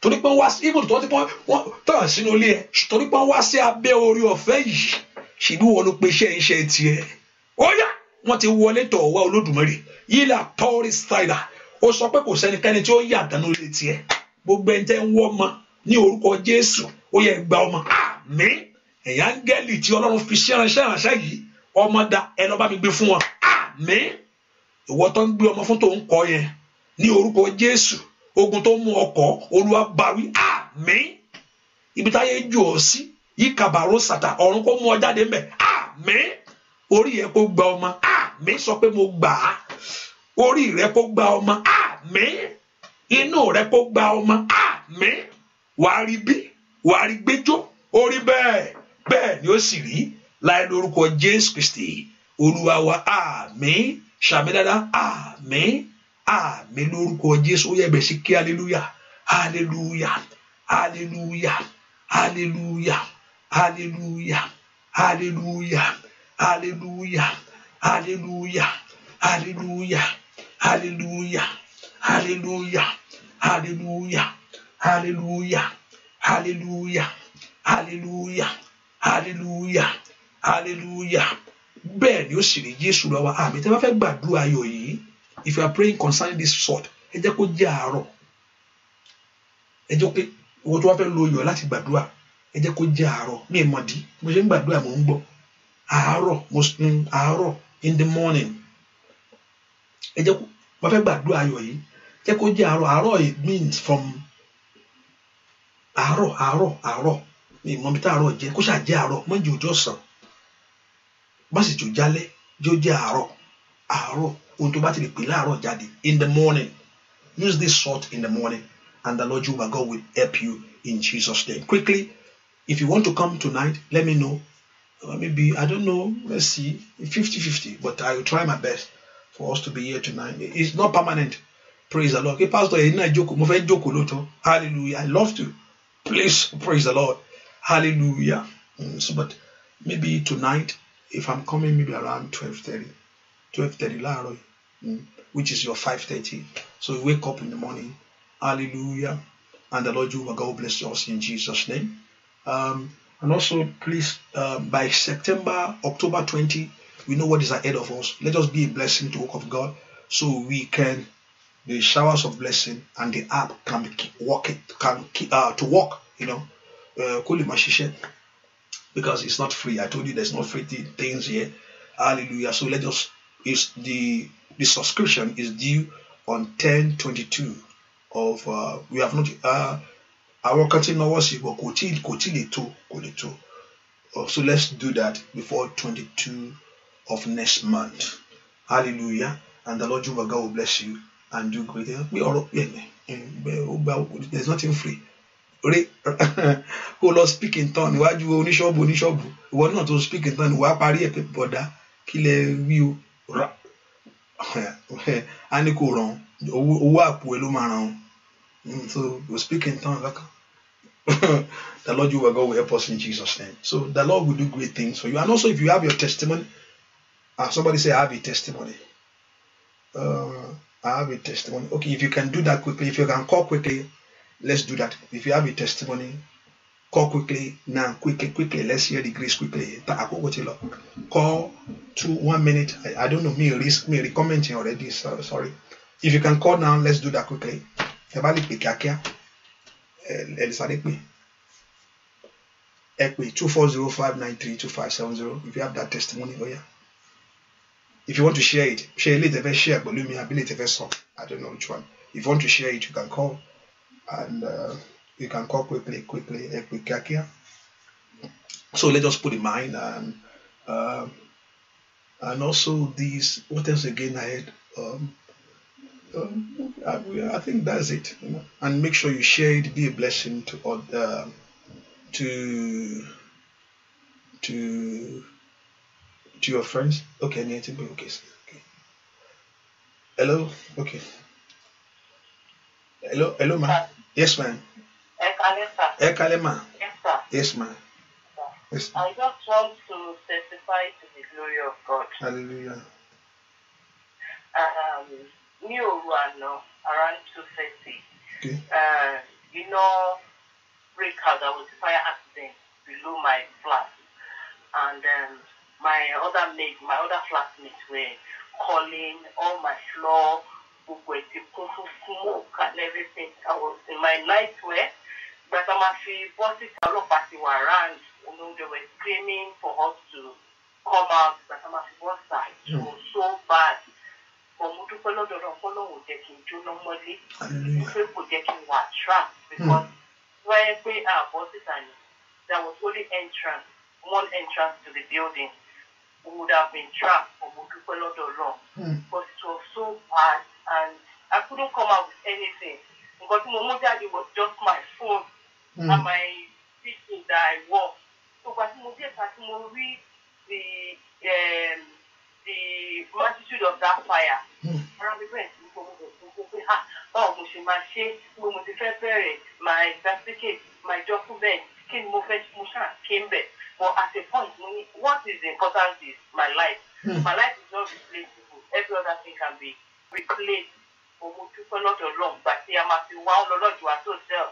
torí pé wá sí ibùdó tó ti pọ́n wọ́n tàn sínú ilé ẹ̀ torí pé wá sí abẹ́ orí ọ̀fẹ́ yìí ṣèlú wọn ló pe iṣẹ́ iṣẹ́ tiẹ̀ ó yá wọ́n ti wọlé tọ̀ wá Olódùmarè yìí là tọ́rí stáìlà ó sọ pé kò sẹ́nikẹ́ni tí ó yàtọ̀ ní orí tiẹ̀ gbogbo ẹni tẹ́ ń wọ́ ọmọ ní orúkọ Jésù ó yẹ gba ọmọ àmì ẹ̀yà áńgẹ́lì tí Ọlọ́run fi ṣẹ́ ránṣẹ́ ránṣẹ́ yìí ọmọ da ẹ lọ bá mi gbé fún wọn àmì ìwọ tó ń gbé ọmọ fún tòun kọ yẹn ní orúkọ Jésù ogun tó mú ọkọ Olúwa bawí àmì ibi táyé jù ọ sí yíkàbàrò sàtà ọ̀run kó mú ọ jáde mbẹ àmì orí yẹ kó gba ọmọ àmì sọ pé mo gbà á orí rẹ kó gba ọmọ àmín inú rẹ kó gba ọmọ àmín wàá rí bí wàá rí gbẹjọ orí bẹ́ẹ̀ bẹ́ẹ̀ ni ó sì rí láì lórúkọ Jésù Kristi olúwa wa àmín sàmì dáadáa àmín àmín lórúkọ Jésù ó yẹ bẹ sí kí hallelujah hallelujah hallelujah hallelujah hallelujah hallelujah hallelujah hallelujah hallelujah hallelujah hallelujah hallelujah hallelujah hallelujah hallelujah hallelujah hallelujah bẹ́ẹ̀ ni ó sì rí jésù lọ́wọ́ àmì tí wọ́n fẹ́ gbàdúrà ayọ̀ yìí if you are praying concerning this sort ẹ jẹ́ kó jẹ́ àárọ̀ ẹ jẹ́ pé owó tí wọ́n fẹ́ lo yọ̀ láti gbàdúrà ẹ jẹ́ kó jẹ́ àárọ̀ mi ì mọ̀dí mo ṣe ń gbàdúrà mò ń gbọ́ àárọ̀ mo sùn àárọ̀ in the morning ẹ jẹ́ kó wọ́n fẹ́ gbàdúrà ayọ̀ yìí jẹ́ kó jẹ́ àárọ̀ àárọ̀ it means from àárọ̀ àárọ̀ àárọ̀ ìmọ̀bí táàárọ̀ jẹ́ kó ṣàjẹ́ àárọ̀ mọ́jú òjò ọ̀sán má sì jò jálẹ̀ jẹ́ ó jẹ́ àárọ̀ àárọ̀ ohun tó bá ti lè pè láàárọ̀ jáde in the morning use this salt in the morning and the Lord Jehovah God will help you in Jesus name quickly if you want to come tonight let me know maybe I don't know let's see fifty fifty but I will try my best. for us to be here tonight. It's not permanent. Praise the Lord. Okay, Pastor, Hallelujah. I love to. Please praise the Lord. Hallelujah. Mm, so, but maybe tonight, if I'm coming, maybe around 12:30, 12:30 láàárọ̀, mm, which is your 5:30. So you wake up in the morning. Hallelujah. And the Lord Jehovah God bless us in Jesus' name. Um, and also, please, um, by September, October 20, we know what is ahead of us. Let us be a blessing to work of God so we can the showers of blessing and the app can keep work it can keep uh, to work, you know. Uh, because it's not free. I told you there's no free things here. Hallelujah. So let us is the the subscription is due on 1022 of uh, we have not uh àwọn kan tí náwó but lè tó uh, so let's do that before 22 of next month hallelujah and the lord jehovah god will bless you and do great things pé ọ̀rọ̀ pé ẹ̀mẹ̀ ọgbà there is nothing free rí [LAUGHS] kó lọ speak in tongue níwájú oníṣọ́ọ̀bù oníṣọ́ọ̀bù ìwọ náà tó speak in tongue ìwà parí ẹ̀ pé bọ̀dá kí lẹ wí o [LAUGHS] a ní kò ràn owó àpò ẹ ló máa ràn ọ́ mm, so you speak in tongue [LAUGHS] the lord you were God will help us in Jesus name so the lord will do great things for you and also if you have your testimony Uh, somebody say, I have a testimony. Uh, I have a testimony. Okay, if you can do that quickly, if you can call quickly, let's do that. If you have a testimony, call quickly now, quickly, quickly. Let's hear the grace quickly. Call to one minute. I, I don't know, me risk me commenting already. So, sorry. If you can call now, let's do that quickly. Ẹ bá lè pè kíákíá. Ẹ lè sáré pè. Ẹ pè two four zero five nine three two five seven zero. If you have that testimony, oh yeah. If you want to share it, share it, tẹ́fẹ́ share but let me ability I don't know which one. If you want to share it, you can call and uh, you can call quickly, quickly, quickly So let us put in mind and uh, and also these what else again I had. Um, um, I, I, think that's it. You know? And make sure you share it. Be a blessing to other. Uh, to to to your friends. Okay, ẹni ẹ ti gbé okay sí. Hello, okay. Hello, hello ma. Sir. Yes ma'am. Ẹ kalẹ́ sà. ma. Yes sir. Yes ma'am. Yes. I just want to testify to the glory of God. Hallelujah. Um, ní òru around two thirty. Okay. Uh, you know, break out. There was a fire accident below my flat, and um, my other mate, my other flatmates were calling all my floor, smoke and everything. I was in my nightwear, but I'm actually bosses all of were around. You know, they were screaming for us to come out, but I'm actually boss side. It hmm. was so bad. Ọmọ dúpẹ́ lọ́dọ̀ ọlọ́run ò jẹ́ kí n jóná mọ́lé. Ṣé kò jẹ́ trapped because wọ́n we are àbọ̀ síta ni there was only entrance, one entrance to the building. we would have been trapped for Mudukwe Lodolo. Mm. But it was so bad and I couldn't come out with anything. Because Momodadi was just my phone mm. and my teaching that I was. So Batimodi Batimori, the um, the magnitude of that fire. Hmm. Ara mi bẹ̀rẹ̀ sí gbogbo gbogbo pé ha ah, báwo my certificate my document kí ni mo fẹ́ mo ṣáà ké but at a point what is important is my life hmm. my life is not replaceable every other thing can be replaced òun dúpẹ́ lọ́dọ̀ lọ́n gbà tí a máa fi wá ọlọ́lọ́dún wa tó tẹ̀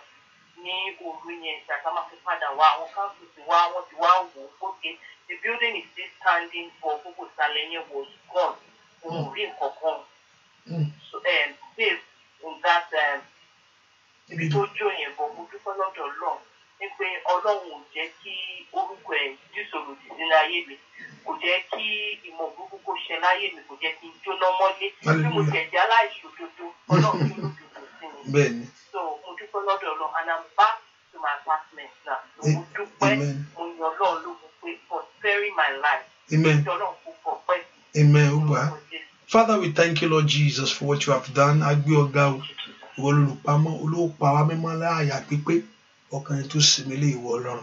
ní òru yẹn tí a máa fi padà wá àwọn káńtù ti wá wọ́n ti wá wò ó okay the building is still standing for gbogbo ìsàlẹ̀ yẹn was gone òun hmm. rí nǹkan kan hmm. so um, based on that um, ibi tó jó yẹn bọ̀ òun dúpẹ́ lọ́dọ̀ lọ́n pé ọlọ́run ò jẹ́ kí orúkọ ẹ̀ dìsòrò dìde láyé mi kò jẹ́ kí ìmọ̀ òkúkú kó ṣe láyé mi kò jẹ́ kí n jóná mọ́lé bí mo tẹ̀jẹ́ aláìṣòdodo ọlọ́run ló dòdò sí mi so mo dúpẹ́ lọ́dọ̀ ọlọ́run and i'm back to my apartment now so mo dúpẹ́ mo yan ọlọ́run lókun pé for sparing my life ìjọ́lọ́run kò pọ̀ pẹ́ sí. Father, we thank you, Lord Jesus, for what you have done. Agbe ọ̀gá o, ìwọ lolùpamọ́ olówó pa ọkàn tó sinmi lé ìwọ Ọlọ́run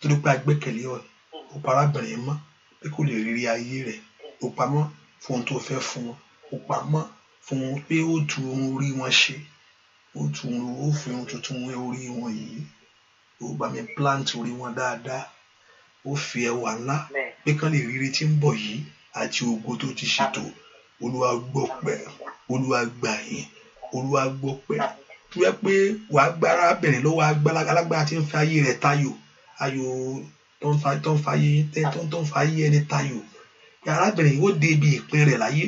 torí pé agbẹ́kẹ̀lé ọ ò parábìnrin mọ́ pé kò lè rírí ayé rẹ̀ ò pamọ́ fún ohun tó fẹ́ fún wọn ò pamọ́ fún wọn pé ó tu ohun orí wọn ṣe ó tu ohun ó fi ohun tuntun orí wọn yìí ó bá mi plant orí wọn dáadáa ó fi ẹwà ńlá pé kán lè rírí tí ń bọ̀ yìí àti ògo tó ti ṣètò olúwa gbọpẹ́ olúwa gbà yín olúwa gbọpẹ́ tó yẹ pé wàá gbára bẹ̀rẹ̀ lọ́wọ́ agbálagbára tí ń fi ayé rẹ̀ tayò ayò tó ń fa tó ń fa ayé tó ń fa ayé ẹni tayò arábìnrin yìí ó dé ibi ìpín rẹ̀ láyé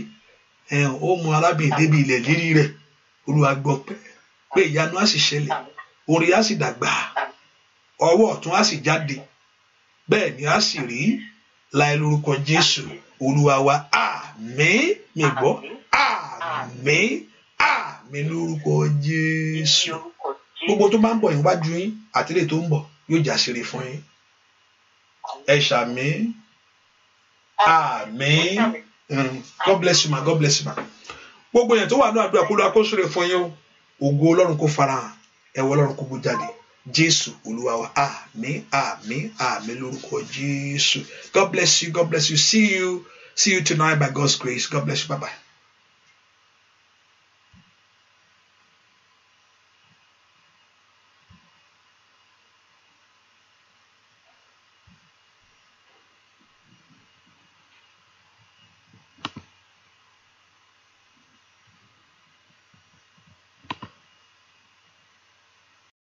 ó mú arábìnrin débi ilẹ̀ lérí rẹ̀ olúwa gbọ́ pé ìyanu á sì ṣẹlẹ̀ orí á sì dàgbà ọwọ́ ọ̀tún á sì jáde bẹ́ẹ̀ ni á sì rí láì lórúkọ Jésù olúwa wa àmín mi gbọ́ àmín àmín mi lórúkọ Jésù gbogbo tó bá ń bọ̀ níwájú yín àtìlè tó ń bọ̀ yóò jà sí fún yín ẹ ṣàmì àmín mm. God bless you ma God bless you ma gbogbo yẹn tó wà ní àdúrà kó lọ akóso fún yín o ògo Ọlọ́run kó farahàn ẹwọ Ọlọ́run kó bú jáde jésù olúwa wa àmín àmín àmín lórúkọ jésù god bless you god bless you see you see you tonight by god's grace god bless you bye bye.